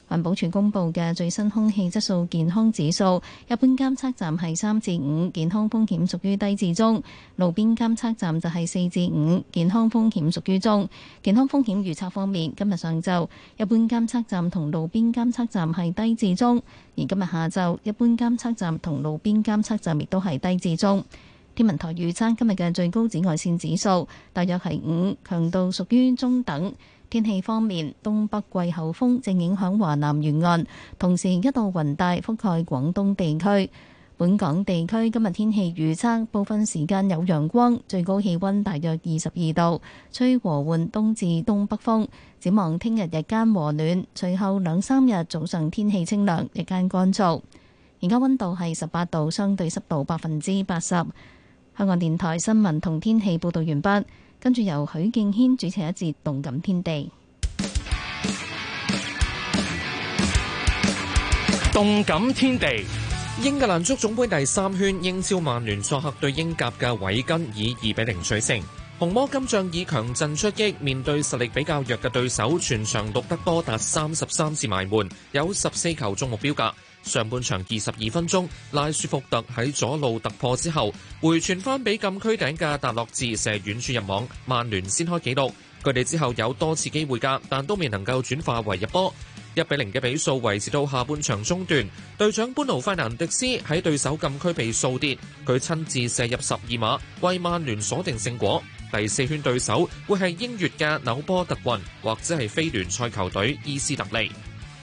環保署公布嘅最新空氣質素健康指數，一般監測站係三至五，健康風險屬於低至中；路邊監測站就係四至五，健康風險屬於中。健康風險預測方面，今日上晝一般監測站同路邊監測站係低至中，而今日下晝一般監測站同路邊監測站亦都係低至中。天文台預測今日嘅最高紫外線指數大約係五，強度屬於中等。天氣方面，東北季候風正影響華南沿岸，同時一道雲帶覆蓋廣東地區。本港地區今日天氣預測，部分時間有陽光，最高氣溫大約二十二度，吹和緩東至東北風。展望聽日日間和暖，隨後兩三日早上天氣清涼，日間乾燥。而家溫度係十八度，相對濕度百分之八十。香港電台新聞同天氣報道完畢。跟住由許敬軒主持一節動感天地。動感天地，天地英格蘭足總盃第三圈，英超曼聯作客對英甲嘅韋根以二比零取勝。紅魔今仗以強陣出擊，面對實力比較弱嘅對手，全場錄得多達三十三次埋門，有十四球中目標噶。上半場二十二分鐘，拉舒福特喺左路突破之後，回傳翻俾禁區頂嘅達洛治射遠柱入網，曼聯先開紀錄。佢哋之後有多次機會噶，但都未能夠轉化為入波。一比零嘅比數維持到下半場中段。隊長班盧費南迪斯喺對手禁區被掃跌，佢親自射入十二碼，為曼聯鎖定勝果。第四圈對手會係英越嘅紐波特郡，或者係非聯賽球隊伊斯特利。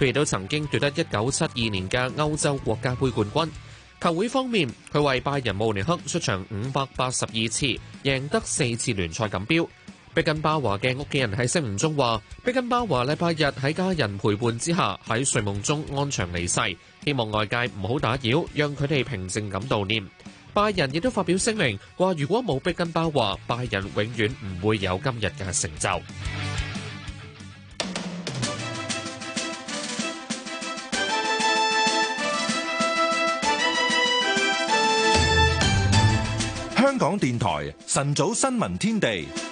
佢亦都曾經奪得一九七二年嘅歐洲國家盃冠軍，球會方面，佢為拜仁慕尼黑出場五百八十二次，贏得四次聯賽錦標。碧根巴華嘅屋企人喺聲明中話，碧根巴華禮拜日喺家人陪伴之下喺睡夢中安詳離世，希望外界唔好打擾，讓佢哋平靜咁悼念。拜仁亦都發表聲明話，如果冇碧根巴華，拜仁永遠唔會有今日嘅成就。港電台晨早新聞天地。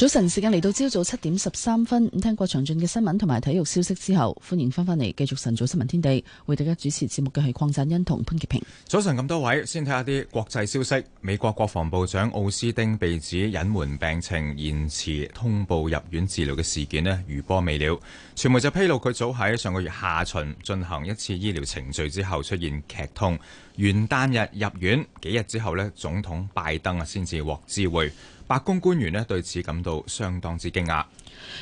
早晨，時間嚟到朝早七點十三分，聽過詳盡嘅新聞同埋體育消息之後，歡迎翻返嚟繼續晨早新聞天地。為大家主持節目嘅係鄺贊欣同潘潔平。早晨咁多位，先睇下啲國際消息。美國國防部長奧斯丁被指隱瞞病情，延遲通報入院治療嘅事件呢，餘波未了。傳媒就披露佢早喺上個月下旬進行一次醫療程序之後出現劇痛，元旦日入院，幾日之後呢，總統拜登啊先至獲知會。白宮官員咧對此感到相當之驚訝，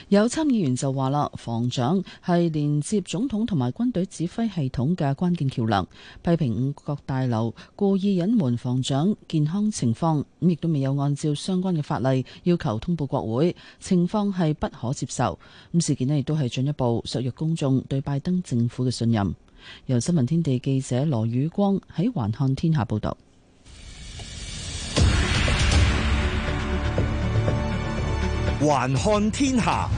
有參議員就話啦，防長係連接總統同埋軍隊指揮系統嘅關鍵橋樑，批評五角大樓故意隱瞞防長健康情況，咁亦都未有按照相關嘅法例要求通報國會，情況係不可接受。咁事件咧亦都係進一步削弱公眾對拜登政府嘅信任。由新聞天地記者羅宇光喺環看天下報道。環看天下，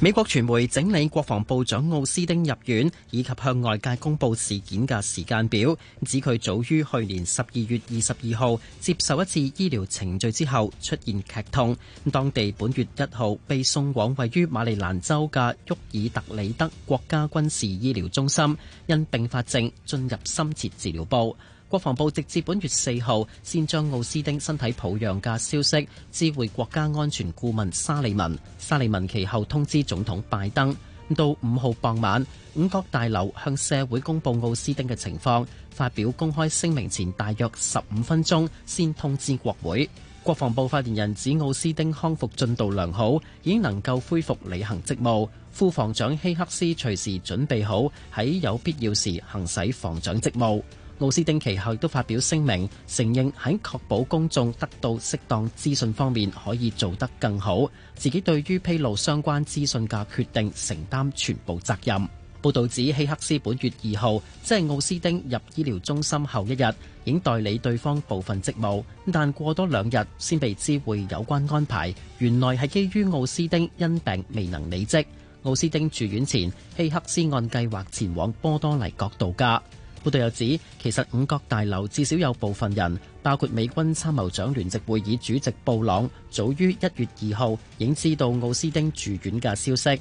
美國傳媒整理國防部長奧斯汀入院以及向外界公布事件嘅時間表，指佢早於去年十二月二十二號接受一次醫療程序之後出現劇痛，當地本月一號被送往位於馬里蘭州嘅沃爾特里德國家軍事醫療中心，因併發症進入深切治療部。國防部直至本月四號先將奧斯丁身體抱恙嘅消息，知會國家安全顧問沙利文，沙利文其後通知總統拜登。到五號傍晚，五角大樓向社會公布奧斯丁嘅情況，發表公開聲明前大約十五分鐘先通知國會。國防部發言人指，奧斯丁康復進度良好，已經能夠恢復履行職務。副防長希克斯隨時準備好，喺有必要時行使防長職務。奧斯丁其後都發表聲明，承認喺確保公眾得到適當資訊方面，可以做得更好。自己對於披露相關資訊嘅決定，承擔全部責任。報道指，希克斯本月二號，即係奧斯丁入醫療中心後一日，已經代理對方部分職務，但過多兩日先被知會，有關安排原來係基於奧斯丁因病未能離職。奧斯丁住院前，希克斯按計劃前往波多黎各度假。報道又指，其實五角大樓至少有部分人，包括美軍參謀長聯席會議主席布朗，早於一月二號已經知道奧斯丁住院嘅消息。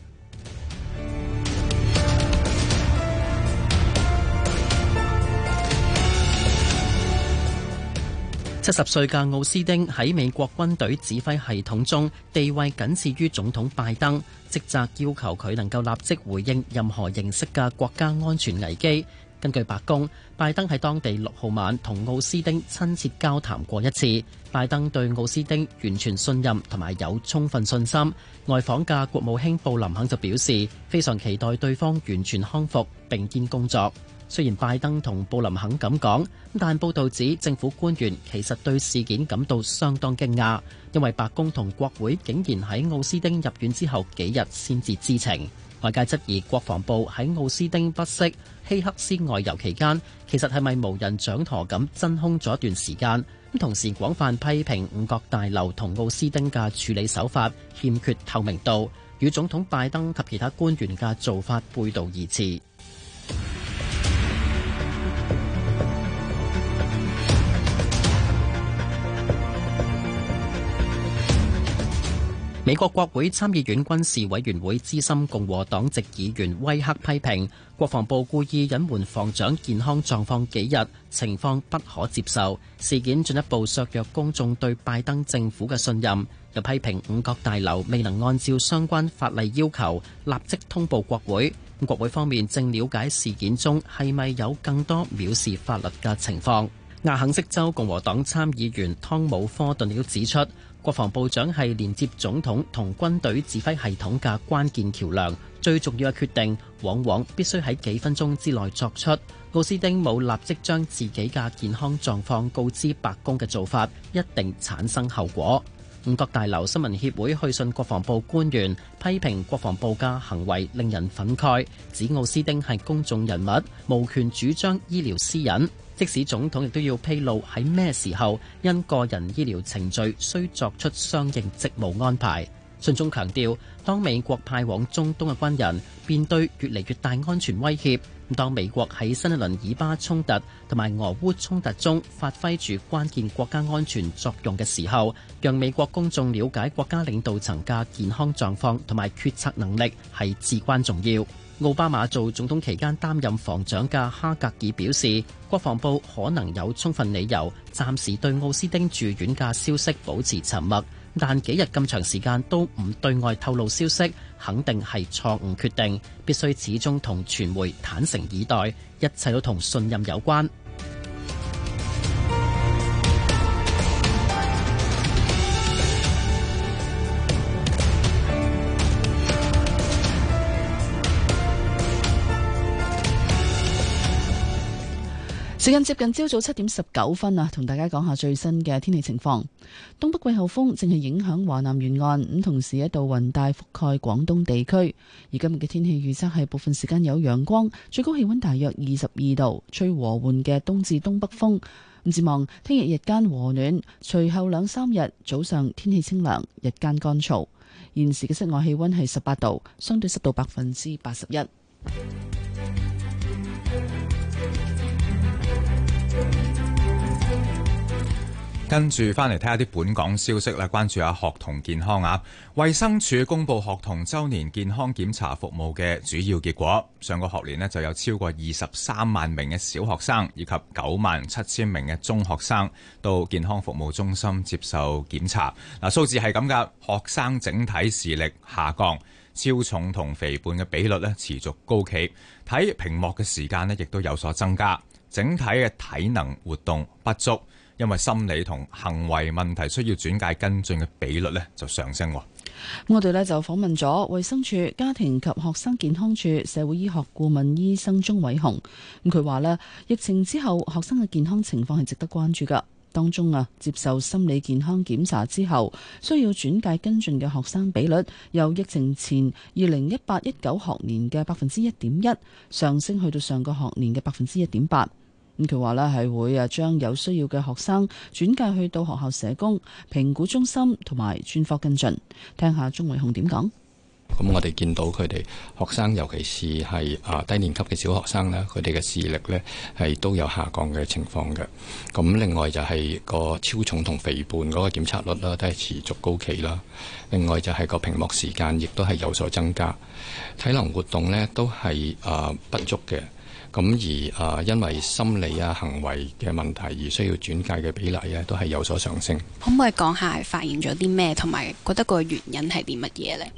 七十 [MUSIC] 歲嘅奧斯丁喺美國軍隊指揮系統中地位僅次於總統拜登，職責要求佢能夠立即回應任何形式嘅國家安全危機。根據白宮，拜登喺當地六號晚同奧斯丁親切交談過一次。拜登對奧斯丁完全信任同埋有充分信心。外訪嘅國務卿布林肯就表示，非常期待對方完全康復並肩工作。雖然拜登同布林肯咁講，但報道指政府官員其實對事件感到相當驚訝，因為白宮同國會竟然喺奧斯丁入院之後幾日先至知情。外界質疑國防部喺奧斯汀不適希克斯外遊期間，其實係咪無人掌舵咁真空咗一段時間？咁同時廣泛批評五角大樓同奧斯汀嘅處理手法欠缺透明度，與總統拜登及其他官員嘅做法背道而馳。美國國會參議院軍事委員會資深共和黨籍議員威克批評國防部故意隱瞞防長健康狀況幾日，情況不可接受。事件進一步削弱公眾對拜登政府嘅信任，又批評五角大樓未能按照相關法例要求立即通報國會。國會方面正了解事件中係咪有更多藐視法律嘅情況。阿肯色州共和黨參議員湯姆科頓亦指出。國防部長係連接總統同軍隊指揮系統嘅關鍵橋樑，最重要嘅決定往往必須喺幾分鐘之內作出。奧斯丁冇立即將自己嘅健康狀況告知白宮嘅做法，一定產生後果。五角大樓新聞協會去信國防部官員批評國防部嘅行為令人憤慨，指奧斯汀係公眾人物，無權主張醫療私隱，即使總統亦都要披露喺咩時候因個人醫療程序需作出相應職務安排。信中強調，當美國派往中東嘅軍人面對越嚟越大安全威脅；咁當美國喺新一輪以巴衝突同埋俄烏衝突中發揮住關鍵國家安全作用嘅時候，讓美國公眾了解國家領導層嘅健康狀況同埋決策能力係至關重要。奧巴馬做總統期間擔任防長嘅哈格爾表示，國防部可能有充分理由暫時對奧斯汀住院嘅消息保持沉默。但幾日咁長時間都唔對外透露消息，肯定係錯誤決定，必須始終同傳媒坦誠以待，一切都同信任有關。時間接近朝早七點十九分啊，同大家講下最新嘅天氣情況。東北季候風正係影響華南沿岸，咁同時一度雲帶覆蓋廣東地區。而今日嘅天氣預測係部分時間有陽光，最高氣溫大約二十二度，吹和緩嘅東至東北風。咁展望聽日日間和暖，隨後兩三日早上天氣清涼，日間乾燥。現時嘅室外氣溫係十八度，相對濕度百分之八十一。跟住翻嚟睇下啲本港消息啦，關注下學童健康啊！衛生署公布學童周年健康檢查服務嘅主要結果，上個學年呢，就有超過二十三萬名嘅小學生以及九萬七千名嘅中學生到健康服務中心接受檢查。嗱，數字係咁噶，學生整體視力下降，超重同肥胖嘅比率呢持續高企，睇屏幕嘅時間呢，亦都有所增加，整體嘅體能活動不足。因為心理同行為問題需要轉介跟進嘅比率咧就上升。咁我哋咧就訪問咗衛生署家庭及學生健康處社會醫學顧問醫生鍾偉雄。咁佢話咧，疫情之後學生嘅健康情況係值得關注噶。當中啊，接受心理健康檢查之後需要轉介跟進嘅學生比率，由疫情前二零一八一九學年嘅百分之一點一上升去到上個學年嘅百分之一點八。咁佢話咧係會啊將有需要嘅學生轉介去到學校社工評估中心同埋專科跟進，聽下鍾偉雄點講。咁我哋見到佢哋學，學生，尤其是係啊低年級嘅小學生咧，佢哋嘅視力呢係都有下降嘅情況嘅。咁另外就係個超重同肥胖嗰個檢測率啦，都係持續高企啦。另外就係個屏幕時間亦都係有所增加，體能活動呢都係啊不足嘅。咁而誒，因為心理啊、行為嘅問題而需要轉介嘅比例咧，都係有所上升。可唔可以講下發現咗啲咩，同埋覺得個原因係啲乜嘢咧？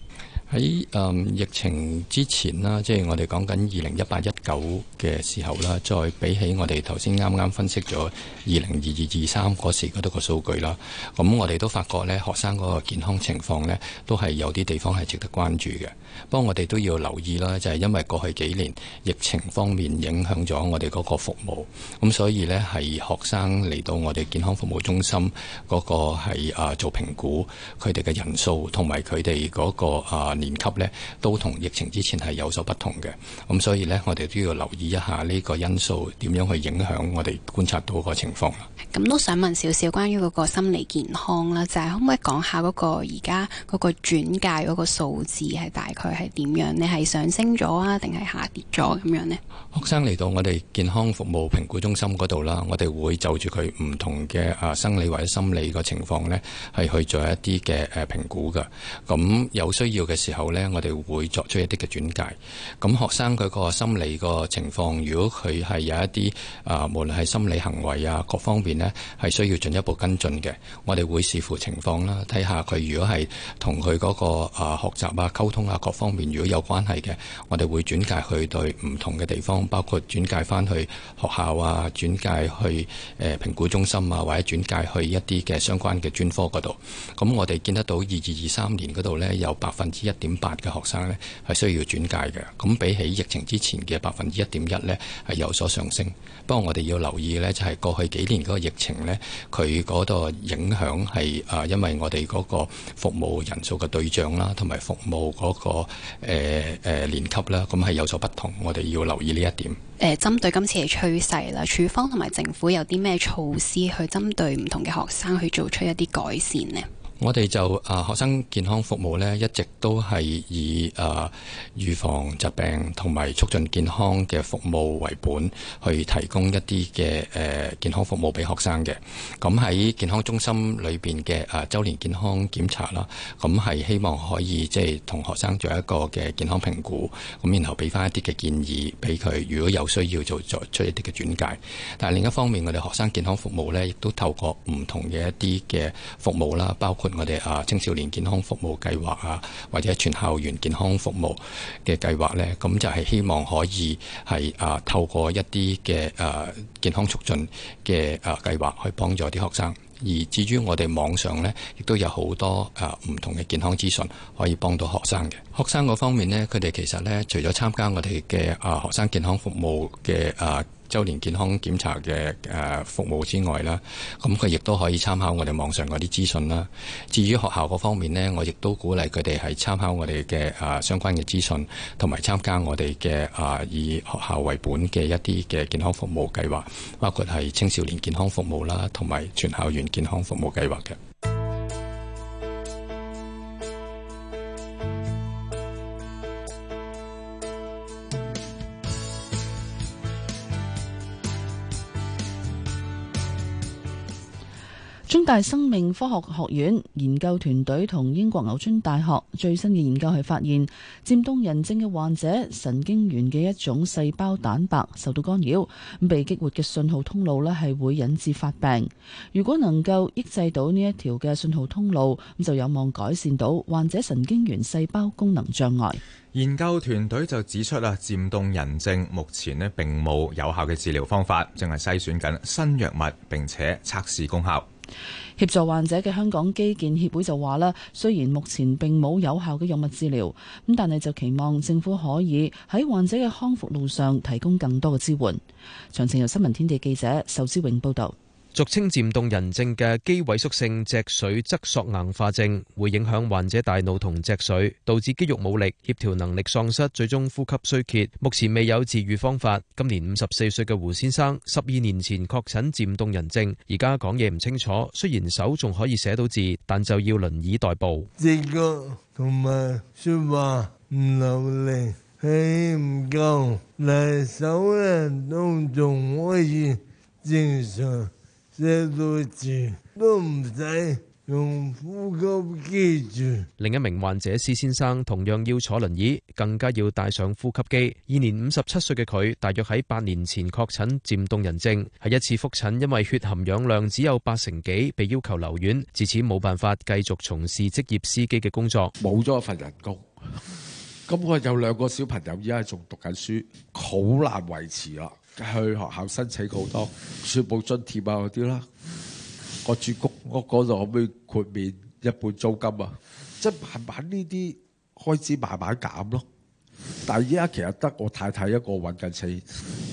喺誒、嗯、疫情之前啦，即係我哋講緊二零一八一九嘅時候啦，再比起我哋頭先啱啱分析咗二零二二二三嗰時嗰度個數據啦，咁我哋都發覺咧，學生嗰個健康情況咧，都係有啲地方係值得關注嘅。不過我哋都要留意啦，就係、是、因為過去幾年疫情方面影響咗我哋嗰個服務，咁、嗯、所以呢，係學生嚟到我哋健康服務中心嗰，那個係啊做評估，佢哋嘅人數同埋佢哋嗰個啊年級呢，都同疫情之前係有所不同嘅。咁、嗯、所以呢，我哋都要留意一下呢個因素點樣去影響我哋觀察到個情況啦。咁都想問少少關於嗰個心理健康啦，就係、是、可唔可以講下嗰個而家嗰個轉介嗰個數字係大？佢係點樣，你係上升咗啊，定係下跌咗咁樣咧？學生嚟到我哋健康服務評估中心嗰度啦，我哋會就住佢唔同嘅啊生理或者心理個情況咧，係去做一啲嘅誒評估嘅。咁有需要嘅時候咧，我哋會作出一啲嘅轉介。咁學生佢個心理個情況，如果佢係有一啲啊，無論係心理行為啊，各方面咧，係需要進一步跟進嘅，我哋會視乎情況啦，睇下佢如果係同佢嗰個學啊學習啊溝通啊各方面如果有關係嘅，我哋會轉介去對唔同嘅地方，包括轉介翻去學校啊，轉介去誒評估中心啊，或者轉介去一啲嘅相關嘅專科嗰度。咁我哋見得到二二二三年嗰度咧，有百分之一點八嘅學生咧，係需要轉介嘅。咁比起疫情之前嘅百分之一點一咧，係有所上升。不過我哋要留意咧，就係過去幾年嗰個疫情咧，佢嗰個影響係誒，因為我哋嗰個服務人數嘅對象啦，同埋服務嗰個。誒誒年級啦，咁係有所不同，我哋要留意呢一點。誒，針對今次嘅趨勢啦，處方同埋政府有啲咩措施去針對唔同嘅學生去做出一啲改善呢？我哋就啊學生健康服務咧，一直都係以誒預防疾病同埋促進健康嘅服務為本，去提供一啲嘅誒健康服務俾學生嘅。咁喺健康中心裏邊嘅誒周年健康檢查啦，咁係希望可以即係同學生做一個嘅健康評估，咁然後俾翻一啲嘅建議俾佢。如果有需要，就做出一啲嘅轉介。但係另一方面，我哋學生健康服務咧，亦都透過唔同嘅一啲嘅服務啦，包括。我哋啊青少年健康服務計劃啊，或者全校園健康服務嘅計劃呢，咁就係希望可以係啊透過一啲嘅啊健康促進嘅啊計劃，去幫助啲學生。而至於我哋網上呢，亦都有好多啊唔同嘅健康資訊，可以幫到學生嘅。學生嗰方面呢，佢哋其實呢，除咗參加我哋嘅啊學生健康服務嘅啊。周年健康檢查嘅誒服務之外啦，咁佢亦都可以參考我哋網上嗰啲資訊啦。至於學校嗰方面咧，我亦都鼓勵佢哋係參考我哋嘅誒相關嘅資訊，同埋參加我哋嘅誒以學校為本嘅一啲嘅健康服務計劃，包括係青少年健康服務啦，同埋全校園健康服務計劃嘅。中大生命科學學院研究團隊同英國牛津大學最新嘅研究係發現，漸凍人症嘅患者神經元嘅一種細胞蛋白受到干擾，被激活嘅信號通路咧係會引致發病。如果能夠抑制到呢一條嘅信號通路，咁就有望改善到患者神經元細胞功能障礙。研究團隊就指出啊，漸凍人症目前咧並冇有，有效嘅治療方法，正係篩選緊新藥物，並且測試功效。協助患者嘅香港基建協會就話啦，雖然目前並冇有，有效嘅藥物治療，咁但係就期望政府可以喺患者嘅康復路上提供更多嘅支援。詳情由新聞天地記者壽之永報道。俗稱漸凍人症嘅肌萎縮性脊髓側索硬化症，會影響患者大腦同脊髓，導致肌肉冇力、協調能力喪失，最終呼吸衰竭。目前未有治癒方法。今年五十四歲嘅胡先生，十二年前確診漸凍人症，而家講嘢唔清楚。雖然手仲可以寫到字，但就要輪椅代步。隻腳同埋說話唔流利，氣唔夠，連手啊都仲可以正常。遮住都唔使用，用呼吸機住。另一名患者施先生同樣要坐輪椅，更加要戴上呼吸機。二年五十七歲嘅佢，大約喺八年前確診漸凍人症，喺一次複診，因為血含氧量只有八成幾，被要求留院，自此冇辦法繼續從事職業司機嘅工作，冇咗一份人工。咁我有兩個小朋友，而家仲讀緊書，好難維持啦。去學校申請好多書簿津貼啊嗰啲啦，我住公屋嗰度可唔可以豁免一半租金啊？即係慢慢呢啲開支慢慢減咯。但係而家其實得我太太一個揾緊錢，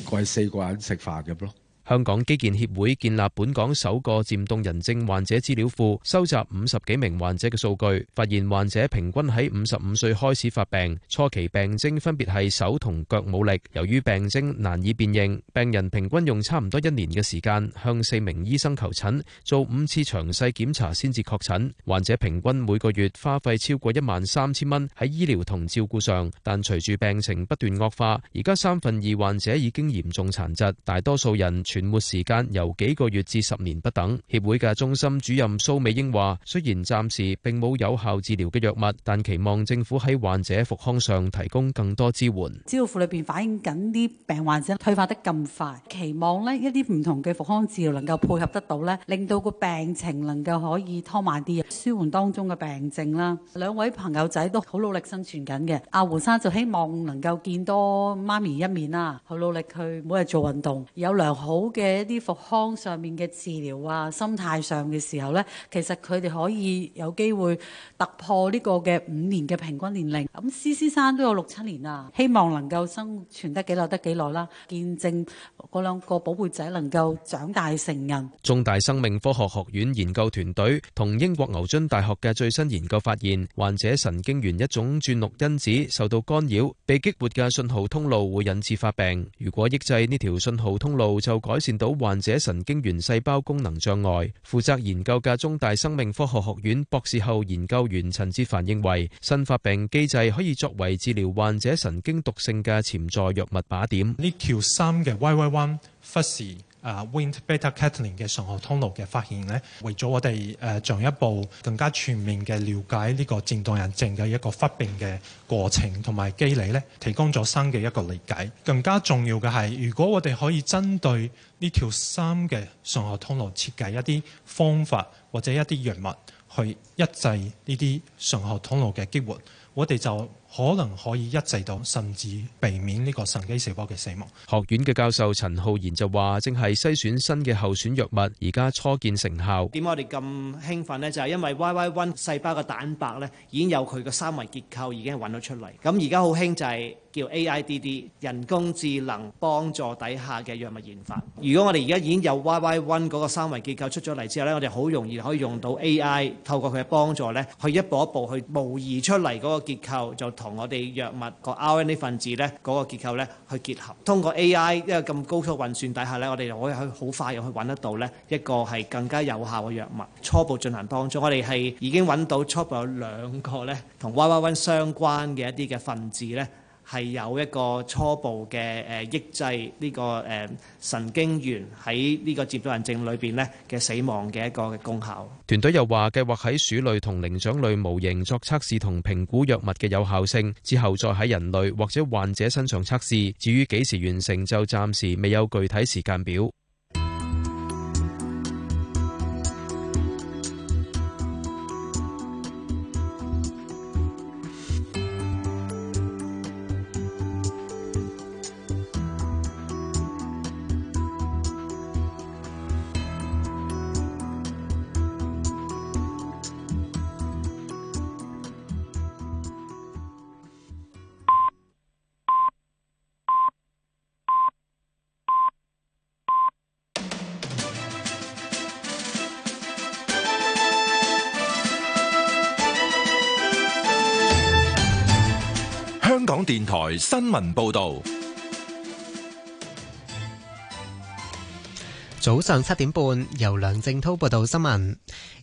佢係四個人食飯咁咯。香港基建協會建立本港首個漸凍人症患者資料庫，收集五十幾名患者嘅數據，發現患者平均喺五十五歲開始發病，初期病徵分別係手同腳冇力。由於病徵難以辨認，病人平均用差唔多一年嘅時間向四名醫生求診，做五次詳細檢查先至確診。患者平均每個月花費超過一萬三千蚊喺醫療同照顧上，但隨住病情不斷惡化，而家三分二患者已經嚴重殘疾，大多數人。存活時間由幾個月至十年不等。協會嘅中心主任蘇美英話：雖然暫時並冇有效治療嘅藥物，但期望政府喺患者復康上提供更多支援。只要府裏邊反映緊啲病患者退化得咁快，期望呢一啲唔同嘅復康治療能夠配合得到呢，令到個病情能夠可以拖慢啲，舒緩當中嘅病症啦。兩位朋友仔都好努力生存緊嘅，阿胡生就希望能夠見多媽咪一面啦。佢努力去每日做運動，有良好。嘅一啲復康上面嘅治療啊，心態上嘅時候呢，其實佢哋可以有機會突破呢個嘅五年嘅平均年齡。咁 C 先生都有六七年啦，希望能夠生存得幾耐得幾耐啦，見證嗰兩個寶貝仔能夠長大成人。中大生命科學學院研究團隊同英國牛津大學嘅最新研究發現，患者神經元一種轉錄因子受到干擾，被激活嘅信號通路會引致發病。如果抑制呢條信號通路，就改。改善到患者神經元細胞功能障礙。負責研究嘅中大生命科學學院博士後研究員陳志凡認為，新發病機制可以作為治療患者神經毒性嘅潛在藥物靶點。呢條三嘅 Y Y one 忽視。 [NOISE] 啊、uh,，Wnt beta-catenin 嘅上行通路嘅發現咧，為咗我哋誒進一步更加全面嘅了解呢個漸凍人症嘅一個發病嘅過程同埋機理咧，提供咗新嘅一個理解。更加重要嘅係，如果我哋可以針對呢條新嘅上行通路設計一啲方法或者一啲藥物去抑制呢啲上行通路嘅激活，我哋就。可能可以抑制到，甚至避免呢個神經細胞嘅死亡。學院嘅教授陳浩然就話，正係篩選新嘅候選藥物，而家初見成效。點解我哋咁興奮咧？就係、是、因為 YY1 細胞嘅蛋白咧，已經有佢嘅三維結構，已經係揾到出嚟。咁而家好興就係、是。叫 A.I.D.D. 人工智能幫助底下嘅藥物研發。如果我哋而家已經有 YY1 嗰個三維結構出咗嚟之後呢，我哋好容易可以用到 A.I. 透過佢嘅幫助呢，去一步一步去模擬出嚟嗰個結構，就同我哋藥物個 R.N.A. 分子呢嗰個結構咧，去結合。通過 A.I. 一個咁高速運算底下呢，我哋就可以去好快又去揾得到呢一個係更加有效嘅藥物。初步進行當中，我哋係已經揾到初步有兩個呢同 YY1 相關嘅一啲嘅分子呢。係有一個初步嘅誒抑制呢、這個誒神經元喺呢個漸凍人症裏邊咧嘅死亡嘅一個功效。團隊又話，計劃喺鼠類同靈長類模型作測試同評估藥物嘅有效性，之後再喺人類或者患者身上測試。至於幾時完成，就暫時未有具體時間表。新聞報道，早上七點半，由梁正濤報道新聞。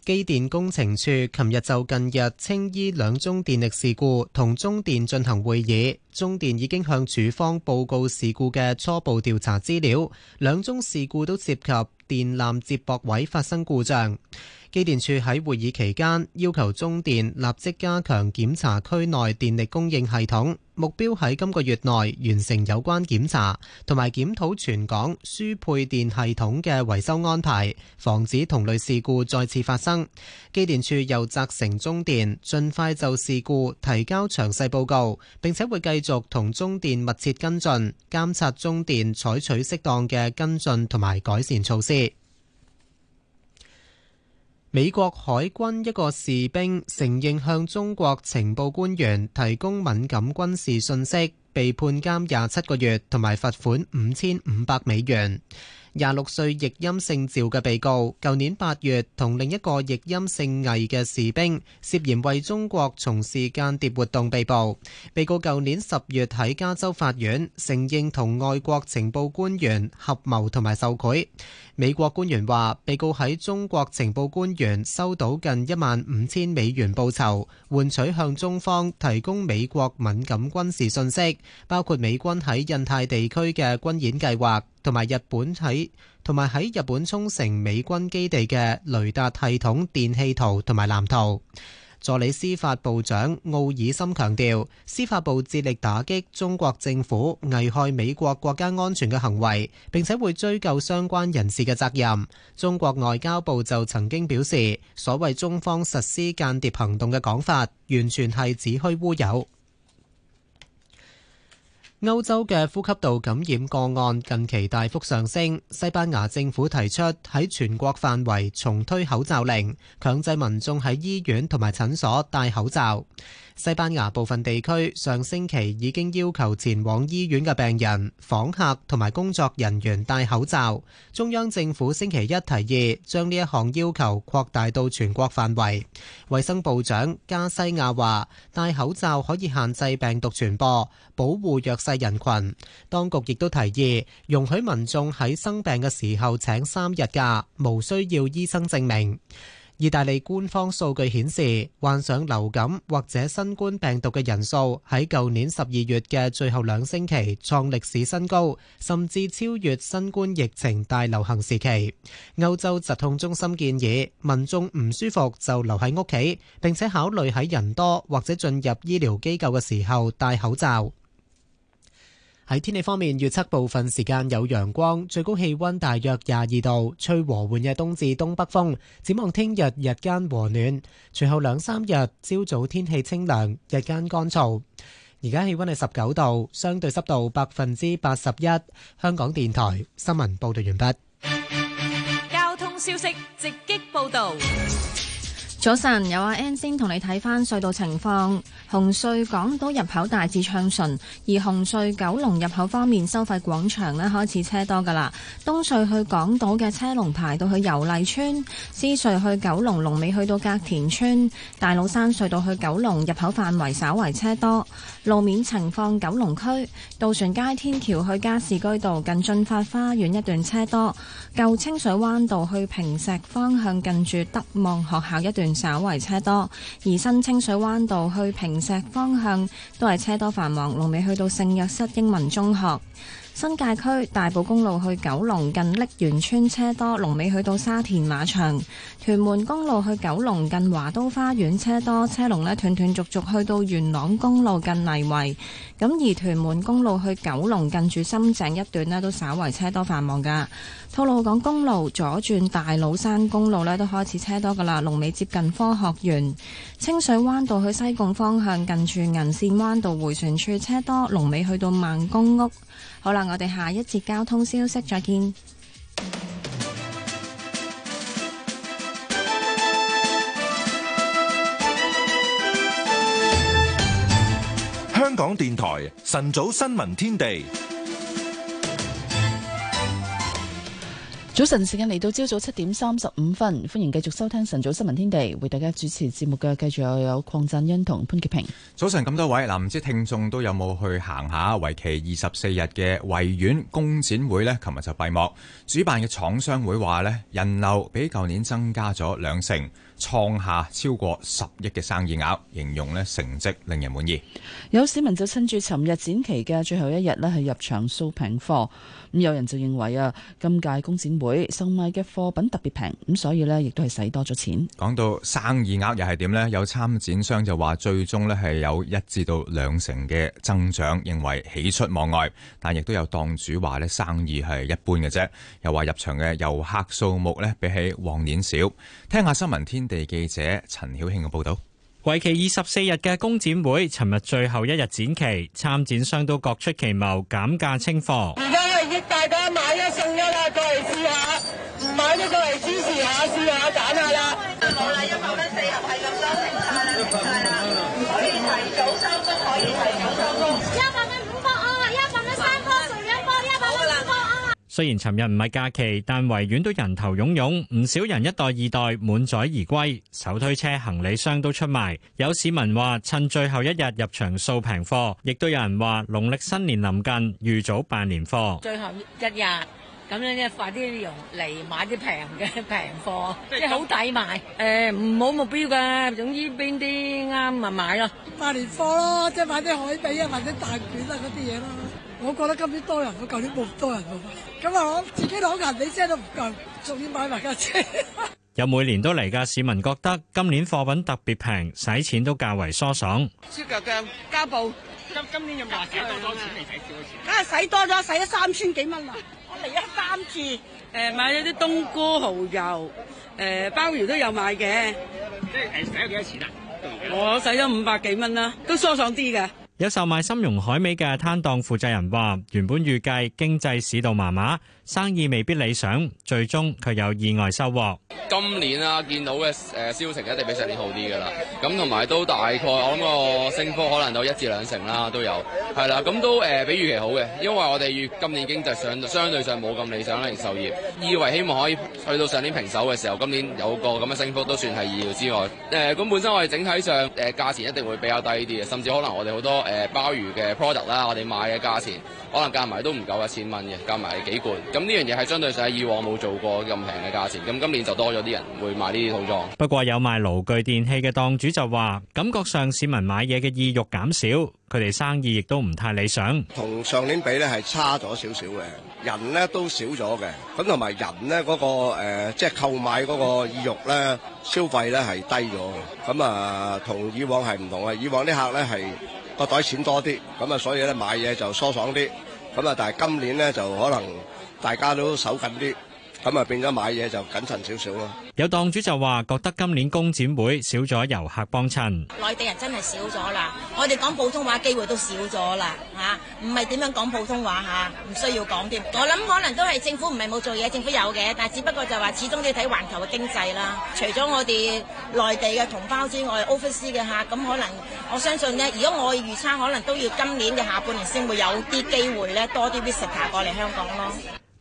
機電工程處琴日就近日青衣兩宗電力事故同中電進行會議，中電已經向處方報告事故嘅初步調查資料。兩宗事故都涉及電纜接駁位發生故障。機電處喺會議期間要求中電立即加強檢查區內電力供應系統。目標喺今個月內完成有關檢查同埋檢討全港輸配電系統嘅維修安排，防止同類事故再次發生。機電署又責成中電盡快就事故提交詳細報告，並且會繼續同中電密切跟進，監察中電採取適當嘅跟進同埋改善措施。美國海軍一個士兵承認向中國情報官員提供敏感軍事信息，被判監廿七個月同埋罰款五千五百美元。廿六歲譯音姓趙嘅被告，舊年八月同另一個譯音姓魏嘅士兵涉嫌為中國從事間諜活動被捕。被告舊年十月喺加州法院承認同外國情報官員合謀同埋受賄。美國官員話，被告喺中國情報官員收到近一萬五千美元報酬，換取向中方提供美國敏感軍事信息，包括美軍喺印太地區嘅軍演計劃。同埋日本喺同埋喺日本沖繩美軍基地嘅雷達系統電氣圖同埋藍圖。助理司法部長奧爾森強調，司法部致力打擊中國政府危害美國國家安全嘅行為，並且會追究相關人士嘅責任。中國外交部就曾經表示，所謂中方實施間諜行動嘅講法，完全係子虛烏有。歐洲嘅呼吸道感染個案近期大幅上升，西班牙政府提出喺全國範圍重推口罩令，強制民眾喺醫院同埋診所戴口罩。西班牙部分地區上星期已經要求前往醫院嘅病人、訪客同埋工作人員戴口罩。中央政府星期一提議將呢一項要求擴大到全國範圍。衛生部長加西亞話，戴口罩可以限制病毒傳播，保護弱勢人群。當局亦都提議容許民眾喺生病嘅時候請三日假，無需要醫生證明。意大利官方數據顯示，患上流感或者新冠病毒嘅人數喺舊年十二月嘅最後兩星期創歷史新高，甚至超越新冠疫情大流行時期。歐洲疾控中心建議民眾唔舒服就留喺屋企，並且考慮喺人多或者進入醫療機構嘅時候戴口罩。喺天氣方面，預測部分時間有陽光，最高氣溫大約廿二度，吹和緩嘅東至東北風。展望聽日日間和暖，隨後兩三日朝早天氣清涼，日間乾燥。而家氣溫係十九度，相對濕度百分之八十一。香港電台新聞報道完畢。交通消息直擊報道。早晨，有阿 N 先同你睇返隧道情況。紅隧港島入口大致暢順，而紅隧九龍入口方面收費廣場咧開始車多㗎喇。東隧去港島嘅車龍排到去油麗村，獅隧去九龍，龍尾去到隔田村，大老山隧道去九龍入口範圍稍為車多。路面情況，九龍區渡船街天橋去加士居道近進發花園一段車多，舊清水灣道去坪石方向近住德望學校一段稍為車多，而新清水灣道去坪石方向都係車多繁忙，龍尾去到聖若瑟英文中學。新界區大埔公路去九龍近瀝源村車多，龍尾去到沙田馬場；屯門公路去九龍近華都花園車多，車龍咧斷斷續續去到元朗公路近泥圍。咁而屯門公路去九龍近住深井一段咧，都稍為車多繁忙噶。吐露港公路左轉大老山公路咧，都開始車多㗎喇。龍尾接近科學園清水灣道去西貢方向近住銀線灣道迴旋處車多，龍尾去到孟公屋。好啦，我哋下一節交通消息再見。香港電台晨早新聞天地。早晨，時間嚟到朝早七點三十五分，歡迎繼續收聽晨早新聞天地，為大家主持節目嘅繼續有有鄺振欣同潘潔平。早晨咁多位，嗱唔知聽眾都有冇去行下為期二十四日嘅維園工展會呢？琴日就閉幕，主辦嘅廠商會話呢，人流比舊年增加咗兩成。創下超過十億嘅生意額，形容咧成績令人滿意。有市民就趁住尋日展期嘅最後一日咧，去入場掃平貨。咁有人就認為啊，今屆工展會售賣嘅貨品特別平，咁所以咧，亦都係使多咗錢。講到生意額又係點呢？有參展商就話最終咧係有一至到兩成嘅增長，認為喜出望外。但亦都有檔主話咧，生意係一般嘅啫，又話入場嘅遊客數目咧，比起往年少。聽下新聞天地記者陳曉慶嘅報道，為期二十四日嘅工展會，尋日最後一日展期，參展商都各出其謀，減價清貨。而家係益大家買一送一啦，過嚟試下，唔買都過嚟支持下，試 [NOISE] 下。雖然尋日唔係假期，但維園都人頭湧湧，唔少人一代二代滿載而歸，手推車、行李箱都出埋。有市民話趁最後一日入場掃平貨，亦都有人話農曆新年臨近，預早辦年貨。最後一日咁樣咧，快啲用嚟買啲平嘅平貨，即係好抵買。誒、 [LAUGHS] 呃，唔好目標㗎，總之邊啲啱咪買咯。買年貨咯，即係買啲海味啊，買啲蛋卷啊嗰啲嘢咯。我覺得今年多人，我舊年冇咁多人喎。咁啊，我自己攞架地車都唔夠，仲要買埋架車。有每年都嚟㗎，市民覺得今年貨品特別平，使錢都較為疏爽。脫腳腳加步，今今年又話使多錢未使少錢。梗係，使多咗，使咗三千幾蚊啊！我嚟咗三次，誒買咗啲冬菇、蠔油、誒鮑魚都有買嘅。即係誒使咗幾多錢啊？我使咗五百幾蚊啦，都疏爽啲嘅。有售賣參茸海味嘅攤檔負責人話，原本預計經濟市道麻麻。生意未必理想，最終卻有意外收穫。今年啊，見到嘅誒銷情一定比上年好啲㗎喇。咁同埋都大概我諗個升幅可能到一至兩成啦，都有係啦。咁都誒比預期好嘅，因為我哋預今年經濟上相對上冇咁理想，零售業，以為希望可以去到上年平手嘅時候，今年有個咁嘅升幅都算係意料之外。誒咁本身我哋整體上誒價錢一定會比較低啲嘅，甚至可能我哋好多誒鮑魚嘅 product 啦，我哋買嘅價錢可能夾埋都唔夠一千蚊嘅，夾埋幾罐。咁呢樣嘢係相對上以往冇做過咁平嘅價錢，咁今年就多咗啲人會買呢啲套裝。不過有賣爐具電器嘅檔主就話，感覺上市民買嘢嘅意欲減少，佢哋生意亦都唔太理想。同上年比咧係差咗少少嘅，人咧都少咗嘅。咁同埋人咧嗰個誒，即係購買嗰個意欲咧，消費咧係低咗嘅。咁啊，同以往係唔同啊。以往啲客咧係個袋錢多啲，咁啊，所以咧買嘢就疏爽啲。咁啊，但係今年咧就可能。大家都手緊啲，咁啊變咗買嘢就謹慎少少咯。有檔主就話覺得今年工展會少咗遊客幫襯，內地人真係少咗啦，我哋講普通話機會都少咗啦，嚇，唔係點樣講普通話嚇，唔需要講添。我諗可能都係政府唔係冇做嘢，政府有嘅，但係只不過就話始終都要睇環球嘅經濟啦。除咗我哋內地嘅同胞之外，Office 嘅客咁可能我相信咧，如果我預測，可能都要今年嘅下半年先會有啲機會咧，多啲 Visitor 過嚟香港咯。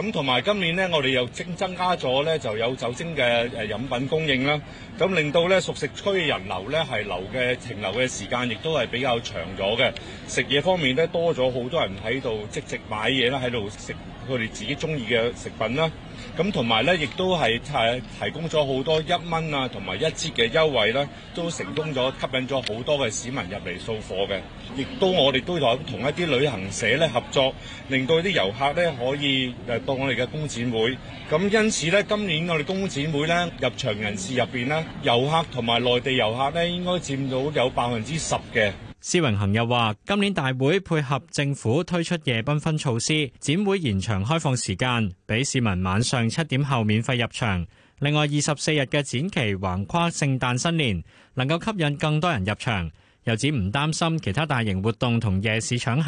咁同埋今年呢，我哋又增增加咗呢，就有酒精嘅誒飲品供應啦。咁令到呢熟食區嘅人流呢，係留嘅停留嘅時間亦都係比較長咗嘅。食嘢方面呢，多咗好多人喺度即即買嘢啦，喺度食。佢哋自己中意嘅食品啦，咁同埋咧，亦都係係提供咗好多一蚊啊，同埋一折嘅優惠咧，都成功咗吸引咗好多嘅市民入嚟掃貨嘅。亦都我哋都有同一啲旅行社咧合作，令到啲遊客咧可以誒到我哋嘅工展會。咁因此咧，今年我哋工展會咧入場人士入面咧，遊客同埋內地遊客咧，應該佔到有百分之十嘅。施榮恒又話：今年大會配合政府推出夜繽紛措施，展會延長開放時間，俾市民晚上七點後免費入場。另外，二十四日嘅展期橫跨聖誕新年，能夠吸引更多人入場。又指唔擔心其他大型活動同夜市搶客，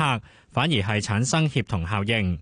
反而係產生協同效應。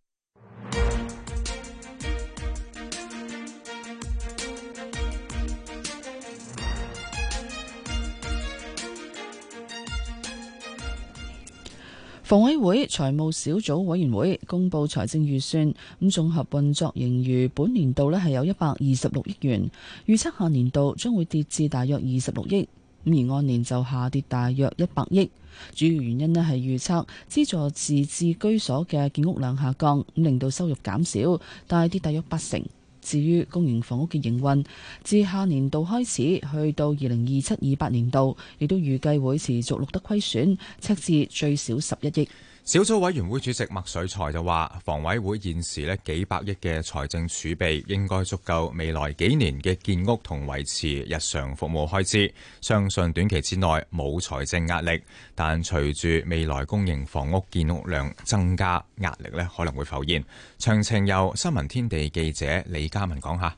房委會財務小組委員會公布財政預算，咁綜合運作盈餘本年度呢係有一百二十六億元，預測下年度將會跌至大約二十六億，咁而按年就下跌大約一百億。主要原因呢係預測資助自置居所嘅建屋量下降，咁令到收入減少，大跌大約八成。至於公營房屋嘅營運，自下年度開始，去到二零二七、二八年度，亦都預計會持續錄得虧損，赤字最少十一億。小組委員會主席麥水才就話，房委會現時咧幾百億嘅財政儲備應該足夠未來幾年嘅建屋同維持日常服務開支，相信短期之內冇財政壓力。但隨住未來公營房屋建屋量增加，壓力咧可能會浮現。詳情由新聞天地記者李嘉文講下。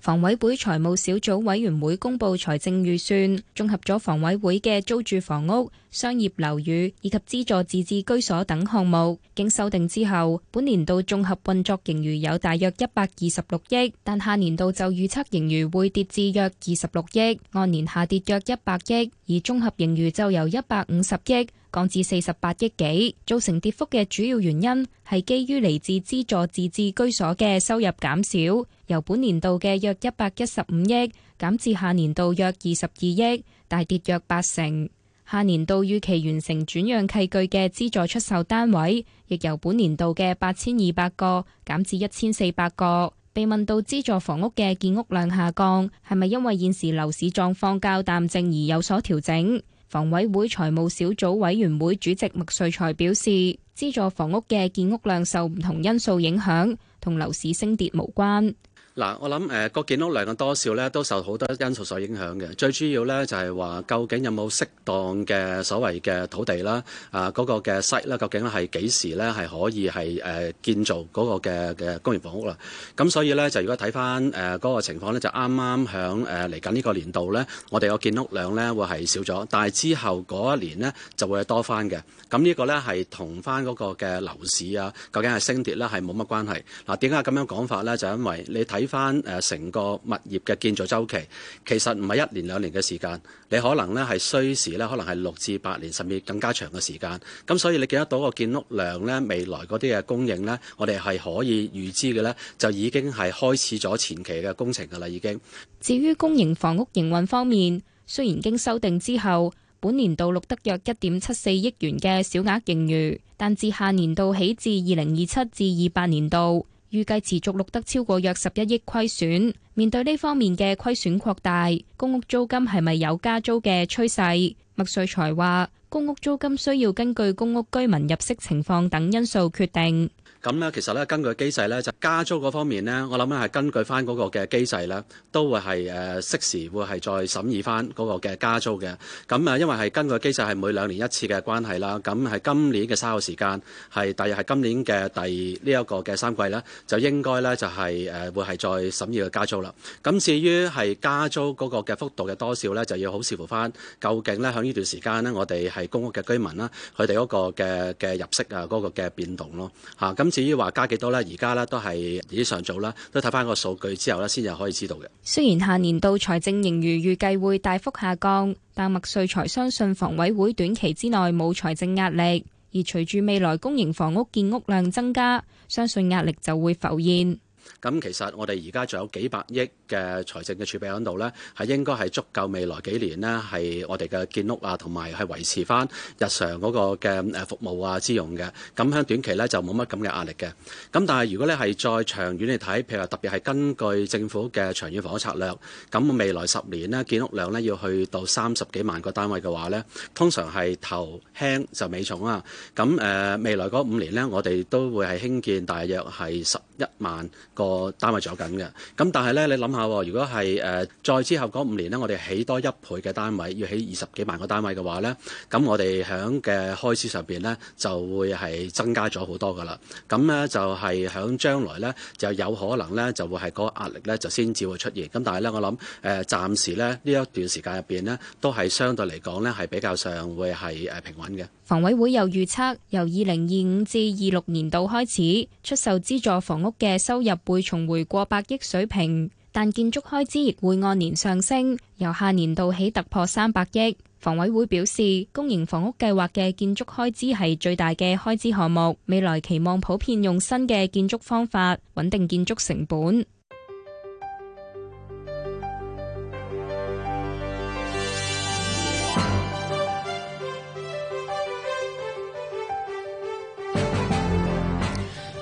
房委會財務小組委員會公布財政預算，綜合咗房委會嘅租住房屋、商業樓宇以及資助自置居所等項目，經修訂之後，本年度綜合運作盈餘有大約一百二十六億，但下年度就預測盈餘會跌至約二十六億，按年下跌約一百億，而綜合盈餘就由一百五十億降至四十八億幾，造成跌幅嘅主要原因係基於嚟自資助自置居所嘅收入減少。由本年度嘅約一百一十五億減至下年度約二十二億，大跌約八成。下年度預期完成轉讓契據嘅資助出售單位，亦由本年度嘅八千二百個減至一千四百個。被問到資助房屋嘅建屋量下降係咪因為現時樓市狀況較淡靜而有所調整，房委會財務小組委員會主席麥瑞才表示，資助房屋嘅建屋量受唔同因素影響，同樓市升跌無關。嗱，我諗誒個建屋量嘅多少咧，都受好多因素所影響嘅。最主要咧就係、是、話究竟有冇適當嘅所謂嘅土地啦，啊、嗰個嘅 site 啦，究竟係幾時咧係可以係誒、呃、建造嗰個嘅嘅公營房屋啦？咁所以咧就如果睇翻誒嗰個情況咧，就啱啱響誒嚟緊呢個年度咧，我哋個建屋量咧會係少咗，但係之後嗰一年咧就會係多翻嘅。咁呢個咧係同翻嗰個嘅樓市啊，究竟係升跌咧係冇乜關係。嗱，點解咁樣講法咧？就因為你睇。翻誒成個物業嘅建造周期，其實唔係一年兩年嘅時間，你可能呢係需時咧，可能係六至八年甚至更加長嘅時間。咁所以你見得到個建屋量呢，未來嗰啲嘅供應呢，我哋係可以預知嘅呢，就已經係開始咗前期嘅工程噶啦，已經。至於公營房屋營運方面，雖然經修訂之後，本年度錄得約一點七四億元嘅小額盈餘，但自下年度起至二零二七至二八年度。預計持續錄得超過約十一億虧損。面對呢方面嘅虧損擴大，公屋租金係咪有加租嘅趨勢？麥瑞才話：公屋租金需要根據公屋居民入息情況等因素決定。咁咧，其實咧根據機制咧，就加租嗰方面咧，我諗咧係根據翻嗰個嘅機制咧，都會係誒適時會係再審議翻嗰個嘅加租嘅。咁誒，因為係根據機制係每兩年一次嘅關係啦，咁係今年嘅稍後時間係大約係今年嘅第二，呢一個嘅三季咧，就應該咧就係誒會係再審議嘅加租啦。咁至於係加租嗰個嘅幅度嘅多少咧，就要好視乎翻究竟咧喺呢段時間咧，我哋係公屋嘅居民啦，佢哋嗰個嘅嘅入息啊，嗰個嘅變動咯，嚇咁。至於話加幾多咧，而家咧都係以上早啦，都睇翻個數據之後咧，先至可以知道嘅。雖然下年度財政盈餘預計會大幅下降，但麥萃才相信房委會短期之內冇財政壓力，而隨住未來公營房屋建屋量增加，相信壓力就會浮現。咁其實我哋而家仲有幾百億。嘅財政嘅儲備響度咧，係應該係足夠未來幾年咧，係我哋嘅建屋啊，同埋係維持翻日常嗰個嘅誒服務啊之用嘅。咁響短期咧就冇乜咁嘅壓力嘅。咁但係如果咧係再長遠嚟睇，譬如話特別係根據政府嘅長遠房屋策略，咁未來十年咧建屋量咧要去到三十幾萬個單位嘅話咧，通常係頭輕就尾重啊。咁誒、呃、未來嗰五年咧，我哋都會係興建大約係十一萬個單位左右嘅。咁但係咧，你諗下。如果係誒再之後嗰五年呢，我哋起多一倍嘅單位，要起二十幾萬個單位嘅話呢，咁我哋響嘅開支上邊呢，就會係增加咗好多噶啦。咁呢就係響將來呢，就有可能呢，就會係嗰個壓力呢，就先至會出現。咁但係呢，我諗誒暫時呢，呢一段時間入邊呢，都係相對嚟講呢，係比較上會係誒平穩嘅。房委會又預測，由二零二五至二六年度開始出售資助房屋嘅收入會重回過百億水平。但建築開支亦會按年上升，由下年度起突破三百億。房委會表示，公營房屋計劃嘅建築開支係最大嘅開支項目，未來期望普遍用新嘅建築方法，穩定建築成本。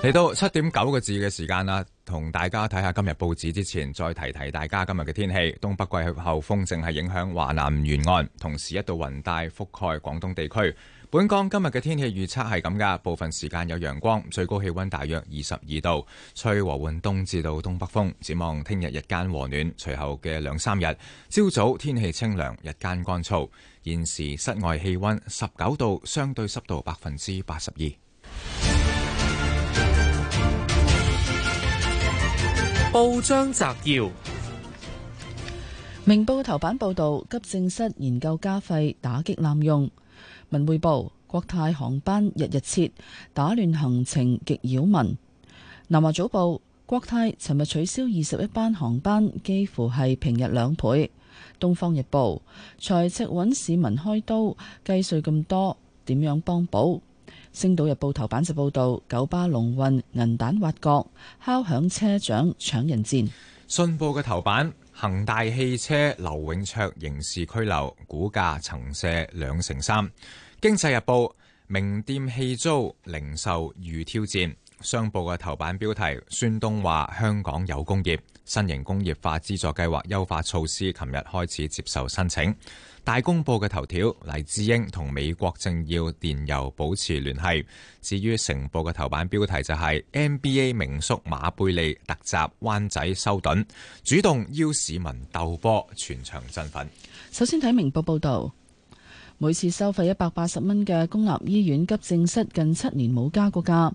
嚟到七點九個字嘅時間啦，同大家睇下今日報紙之前，再提提大家今日嘅天氣。東北季候風正係影響華南沿岸，同時一道雲帶覆蓋廣東地區。本港今日嘅天氣預測係咁噶，部分時間有陽光，最高氣溫大約二十二度，吹和緩東至到東北風。展望聽日日間和暖，隨後嘅兩三日，朝早天氣清涼，日間乾燥。現時室外氣溫十九度，相對濕度百分之八十二。報章摘要：明報頭版報道，急症室研究加費打擊濫用。文匯報，國泰航班日日撤，打亂行程極擾民。南華早報，國泰尋日取消二十一班航班，幾乎係平日兩倍。東方日報，財赤揾市民開刀，計稅咁多，點樣幫補？星島日報頭版就報道九巴龍運銀彈挖角，敲響車長搶人戰。信報嘅頭版恒大汽車劉永灼刑事拘留，股價曾瀉兩成三。經濟日報名店棄租，零售遇挑戰。商報嘅頭版標題：孫東話香港有工業，新型工業化資助計劃優化措施，琴日開始接受申請。大公報嘅頭條，黎智英同美國政要電郵保持聯繫。至於成報嘅頭版標題就係 NBA 名宿馬貝利特襲灣仔修頓，主動邀市民鬥波，全場振奮。首先睇明報報道。每次收費一百八十蚊嘅公立醫院急症室近七年冇加過價，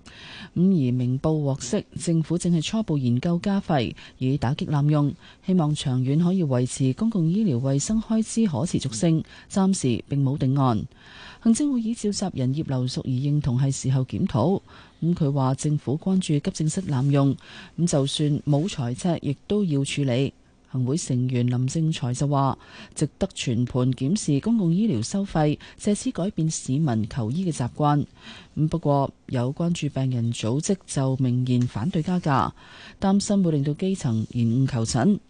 咁而明報獲悉政府正係初步研究加費，以打擊濫用，希望長遠可以維持公共醫療衞生開支可持續性。暫時並冇定案。行政會議召集人葉劉淑儀認同係時候檢討，咁佢話政府關注急症室濫用，咁就算冇財赤亦都要處理。行會成員林正財就話，值得全盤檢視公共醫療收費，借此改變市民求醫嘅習慣。咁不過，有關注病人組織就明言反對加價，擔心會令到基層延誤求診。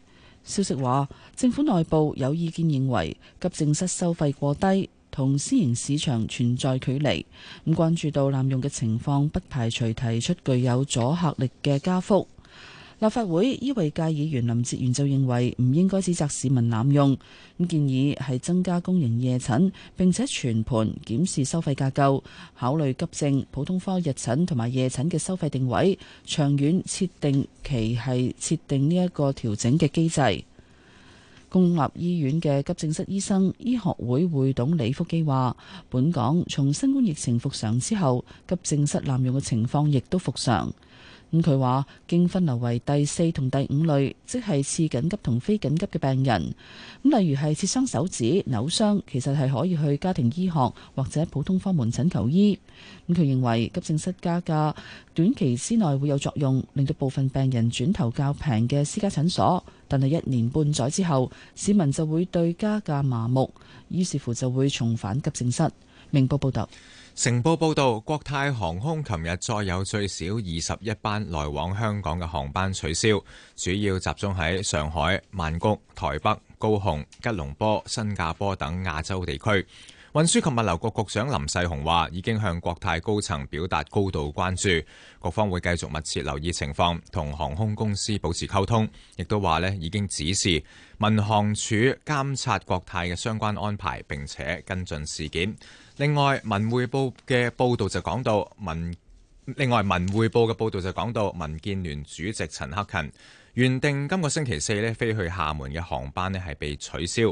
消息話，政府內部有意見認為急症室收費過低，同私營市場存在距離。咁關注到濫用嘅情況，不排除提出具有阻嚇力嘅加幅。立法會醫衞界議員林哲玄就認為唔應該指責市民濫用，咁建議係增加公營夜診，並且全盤檢視收費架構，考慮急症、普通科日診同埋夜診嘅收費定位，長遠設定其係設定呢一個調整嘅機制。公立醫院嘅急症室醫生、醫學會會董李福基話，本港從新冠疫情復常之後，急症室濫用嘅情況亦都復常。咁佢話，經分流為第四同第五類，即係次緊急同非緊急嘅病人。咁例如係切傷手指、扭傷，其實係可以去家庭醫學或者普通科門診求醫。咁佢認為急症室加價短期之內會有作用，令到部分病人轉投較平嘅私家診所。但係一年半載之後，市民就會對加價麻木，於是乎就會重返急症室。明報報道。成報報道，國泰航空琴日再有最少二十一班來往香港嘅航班取消，主要集中喺上海、曼谷、台北、高雄、吉隆坡、新加坡等亞洲地區。運輸及物流局局長林世雄話，已經向國泰高層表達高度關注，各方會繼續密切留意情況，同航空公司保持溝通，亦都話咧已經指示民航處監察國泰嘅相關安排，並且跟進事件。另外文匯報嘅報道就講到，文另外文匯報嘅報道就講到，民建聯主席陳克勤原定今個星期四呢飛去廈門嘅航班呢係被取消。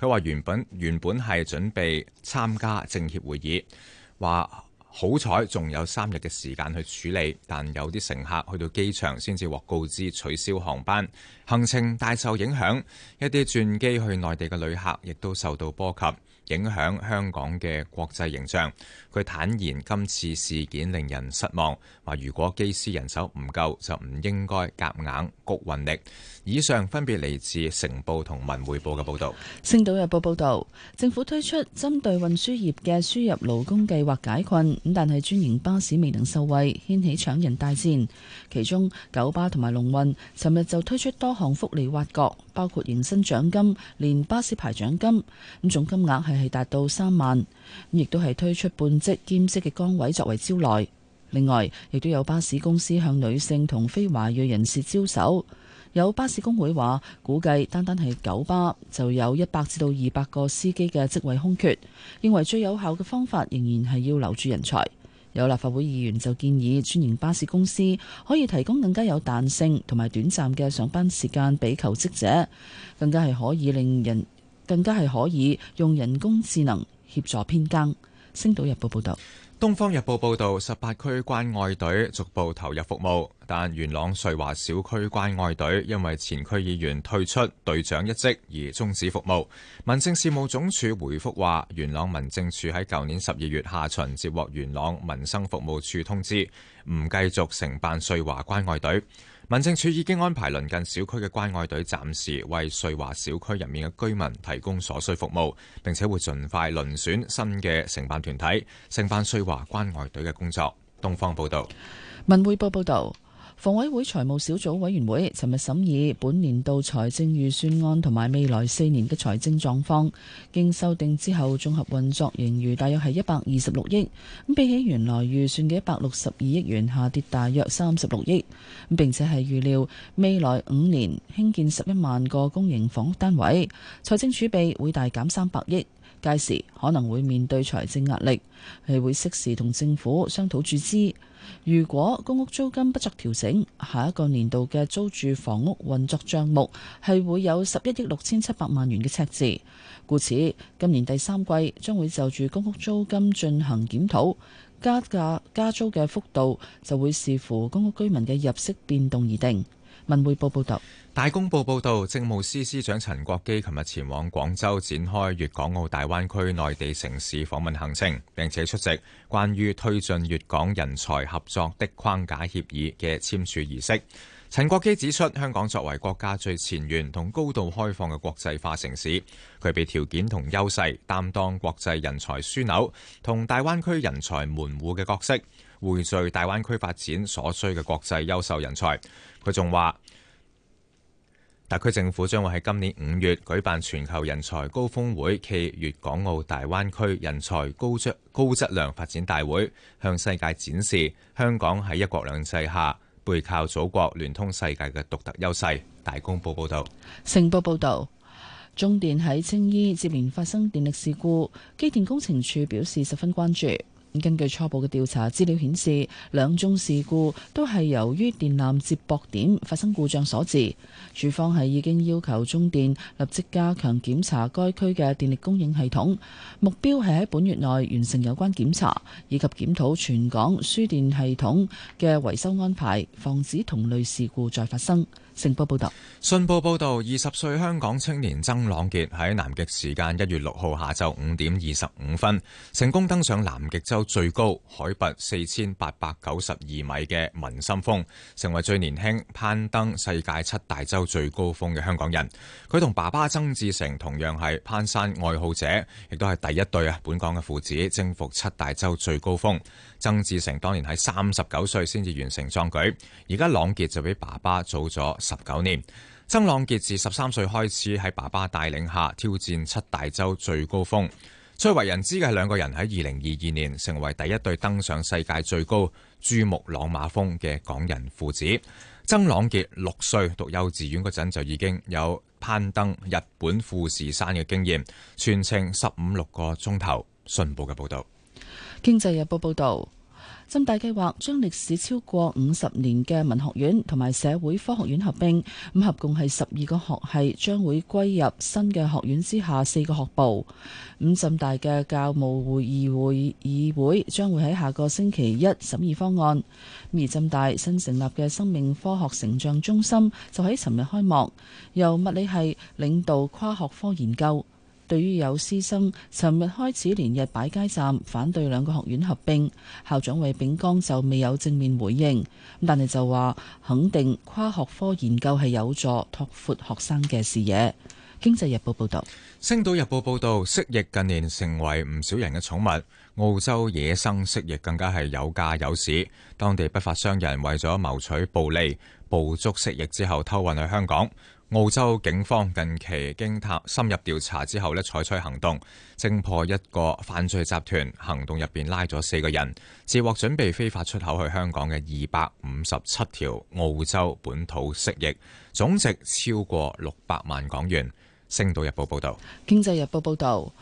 佢話原本原本係準備參加政協會議，話好彩仲有三日嘅時間去處理，但有啲乘客去到機場先至獲告知取消航班，行程大受影響。一啲轉機去內地嘅旅客亦都受到波及。影響香港嘅國際形象。佢坦言今次事件令人失望，話如果機師人手唔夠，就唔應該夾硬谷運力。以上分別嚟自《成報》同《文匯報》嘅報導，《星島日報》報道，政府推出針對運輸業嘅輸入勞工計劃解困，咁但係專營巴士未能受惠，掀起搶人大戰。其中九巴同埋龍運尋日就推出多項福利挖角，包括迎新獎金、連巴士牌獎金，咁總金額係係達到三萬。亦都係推出半職兼職嘅崗位作為招來。另外，亦都有巴士公司向女性同非華裔人士招手。有巴士工會話，估計單單係九巴就有一百至到二百個司機嘅職位空缺，認為最有效嘅方法仍然係要留住人才。有立法會議員就建議，專營巴士公司可以提供更加有彈性同埋短暫嘅上班時間俾求職者，更加係可以令人更加係可以用人工智能協助編更。《星島日報》報道。《東方日報》報導，十八區關愛隊逐步投入服務，但元朗瑞華小區關愛隊因為前區議員退出隊長一職而終止服務。民政事務總署回覆話：元朗民政處喺舊年十二月下旬接獲元朗民生服務處通知，唔繼續承辦瑞華關愛隊。民政處已經安排鄰近小區嘅關愛隊暫時為瑞華小區入面嘅居民提供所需服務，並且會盡快遴選新嘅承辦團體，承辦瑞華關愛隊嘅工作。東方報道、文匯報報道。房委會財務小組委員會尋日審議本年度財政預算案同埋未來四年嘅財政狀況，經修訂之後綜合運作盈餘大約係一百二十六億，比起原來預算嘅一百六十二億元下跌大約三十六億，並且係預料未來五年興建十一萬個公營房屋單位，財政儲備會大減三百億。屆時可能會面對財政壓力，係會適時同政府商討注資。如果公屋租金不作調整，下一個年度嘅租住房屋運作帳目係會有十一億六千七百萬元嘅赤字。故此，今年第三季將會就住公屋租金進行檢討，加價加租嘅幅度就會視乎公屋居民嘅入息變動而定。文匯報報道。大公報報道，政務司司長陳國基琴日前往廣州展開粵港澳大灣區內地城市訪問行程，並且出席關於推進粵港人才合作的框架協議嘅簽署儀式。陳國基指出，香港作為國家最前沿、同高度開放嘅國際化城市，具備條件同優勢，擔當國際人才樞紐同大灣區人才門戶嘅角色，匯聚大灣區發展所需嘅國際優秀人才。佢仲話：特區政府將會喺今年五月舉辦全球人才高峰會暨粵港澳大灣區人才高質高質量發展大會，向世界展示香港喺一國兩制下背靠祖國、聯通世界嘅獨特優勢。大公報報道，成報報道，中電喺青衣接連發生電力事故，機電工程處表示十分關注。根據初步嘅調查資料顯示，兩宗事故都係由於電纜接駁點發生故障所致。署方係已經要求中電立即加強檢查該區嘅電力供應系統，目標係喺本月內完成有關檢查，以及檢討全港輸電系統嘅維修安排，防止同類事故再發生。成報報道，信報報道：二十歲香港青年曾朗傑喺南極時間一月六號下晝五點二十五分，成功登上南極洲最高海拔四千八百九十二米嘅文心峰，成為最年輕攀登世界七大洲最高峰嘅香港人。佢同爸爸曾志成同樣係攀山愛好者，亦都係第一對啊，本港嘅父子征服七大洲最高峰。曾志成當年喺三十九歲先至完成壯舉，而家朗傑就畀爸爸做咗。十九年，曾朗傑自十三歲開始喺爸爸帶領下挑戰七大洲最高峰。最為人知嘅係兩個人喺二零二二年成為第一對登上世界最高珠穆朗瑪峰嘅港人父子。曾朗傑六歲讀幼稚園嗰陣就已經有攀登日本富士山嘅經驗，全程十五六個鐘頭。信報嘅報道，經濟日報報道。浸大計劃將歷史超過五十年嘅文學院同埋社會科學院合併，咁合共係十二個學系將會歸入新嘅學院之下，四個學部。咁浸大嘅教務會議會議會將會喺下個星期一審議方案。而浸大新成立嘅生命科學成像中心就喺尋日開幕，由物理系領導跨學科研究。對於有師生尋日開始連日擺街站反對兩個學院合併，校長惠炳剛就未有正面回應，但係就話肯定跨學科研究係有助拓闊學生嘅視野。經濟日報報道。《星島日報》報道，蜥蜴近年成為唔少人嘅寵物，澳洲野生蜥蜴更加係有價有市，當地不法商人為咗謀取暴利，捕捉蜥蜴之後偷運去香港。澳洲警方近期經探深入調查之後咧，採取行動，偵破一個犯罪集團，行動入邊拉咗四個人，自獲準備非法出口去香港嘅二百五十七條澳洲本土蜥蜴，總值超過六百萬港元。星島日報報道，經濟日報報道。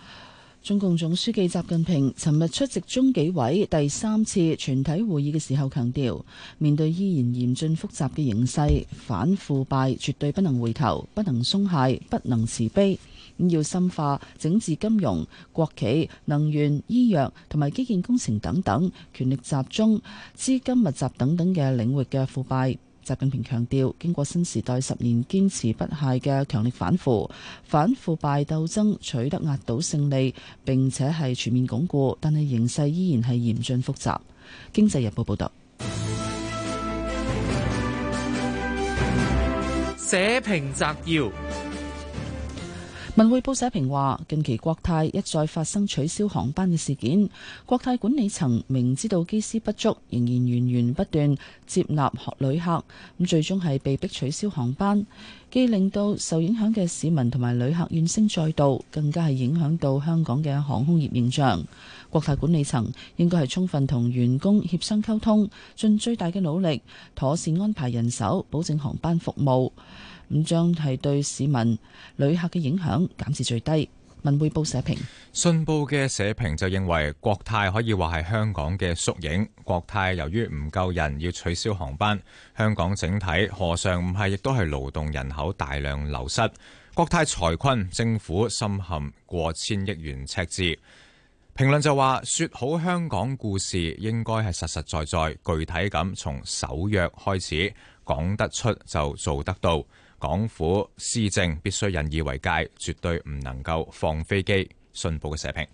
中共總書記習近平尋日出席中紀委第三次全體會議嘅時候強調，面對依然嚴峻複雜嘅形勢，反腐敗絕對不能回頭，不能鬆懈，不能慈悲。要深化整治金融、國企、能源、醫藥同埋基建工程等等權力集中、資金密集等等嘅領域嘅腐敗。習近平強調，經過新時代十年堅持不懈嘅強力反腐、反腐敗鬥爭，取得壓倒勝利，並且係全面鞏固，但係形勢依然係嚴峻複雜。經濟日報報道。社評摘要。文匯報社評話，近期國泰一再發生取消航班嘅事件，國泰管理層明知道機師不足，仍然源源不斷接納旅客，咁最終係被迫取消航班，既令到受影響嘅市民同埋旅客怨聲載道，更加係影響到香港嘅航空業形象。國泰管理層應該係充分同員工協商溝通，盡最大嘅努力，妥善安排人手，保證航班服務。五將係對市民旅客嘅影響減至最低。文匯報社評，信報嘅社評就認為國泰可以話係香港嘅縮影。國泰由於唔夠人要取消航班，香港整體何嘗唔係亦都係勞動人口大量流失？國泰財困，政府深陷過千億元赤字。評論就話，說好香港故事應該係實實在在、具體咁，從守約開始講得出就做得到。港府施政必須引以為戒，絕對唔能夠放飛機。信報嘅社評，《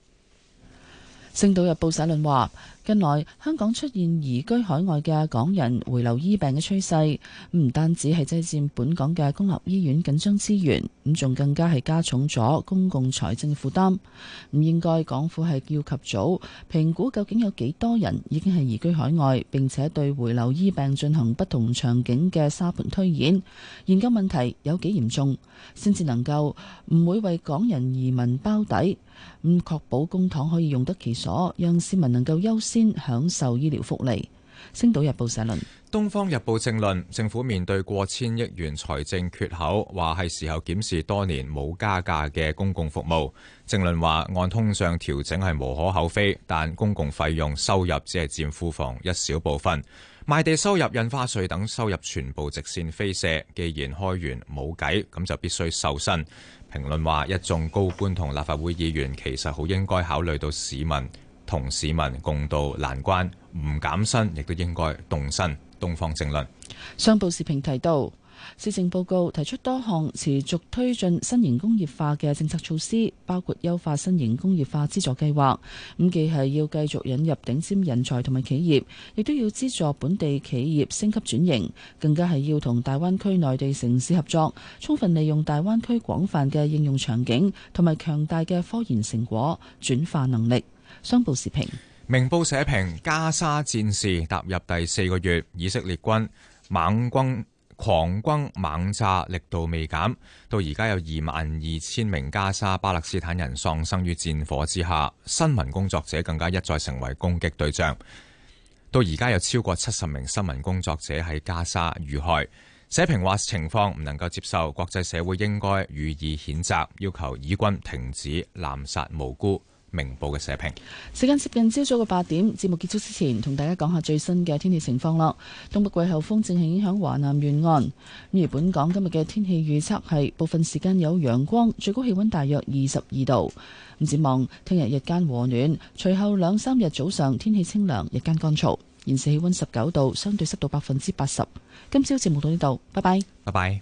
星島日報》社論話。近來香港出現移居海外嘅港人回流醫病嘅趨勢，唔單止係擠佔本港嘅公立醫院緊張資源，咁仲更加係加重咗公共財政嘅負擔。唔應該港府係要及早評估究竟有幾多人已經係移居海外，並且對回流醫病進行不同場景嘅沙盤推演，研究問題有幾嚴重，先至能夠唔會為港人移民包底，唔確保公帑可以用得其所，讓市民能夠優先享受醫療福利。星島日報社論，東方日報政論，政府面對過千億元財政缺口，話係時候檢視多年冇加價嘅公共服務。政論話，按通脹調整係無可厚非，但公共費用收入只係占庫房一小部分。賣地收入、印花稅等收入全部直線飛瀉，既然開源冇計，咁就必須瘦身。評論話，一眾高官同立法會議員其實好應該考慮到市民。同市民共渡難關，唔減薪亦都應該動身。《東方政論》商報視頻提到，施政報告提出多項持續推進新型工業化嘅政策措施，包括優化新型工業化資助計劃。咁既係要繼續引入頂尖人才同埋企業，亦都要資助本地企業升級轉型，更加係要同大灣區內地城市合作，充分利用大灣區廣泛嘅應用場景同埋強大嘅科研成果轉化能力。商報社評，明報社評：加沙戰事踏入第四個月，以色列軍猛攻、狂轟、猛炸，力度未減。到而家有二萬二千名加沙巴勒斯坦人喪生於戰火之下，新聞工作者更加一再成為攻擊對象。到而家有超過七十名新聞工作者喺加沙遇害。社評話情況唔能夠接受，國際社會應該予以譴責，要求以軍停止濫殺無辜。明報嘅社評，時間接近朝早嘅八點，節目結束之前同大家講下最新嘅天氣情況啦。東北季候風正係影響華南沿岸，而本港今日嘅天氣預測係部分時間有陽光，最高氣溫大約二十二度。咁展望聽日日間和暖，隨後兩三日早上天氣清涼，日間乾，乾燥。現時氣溫十九度，相對濕度百分之八十。今朝節目到呢度，拜拜，拜拜。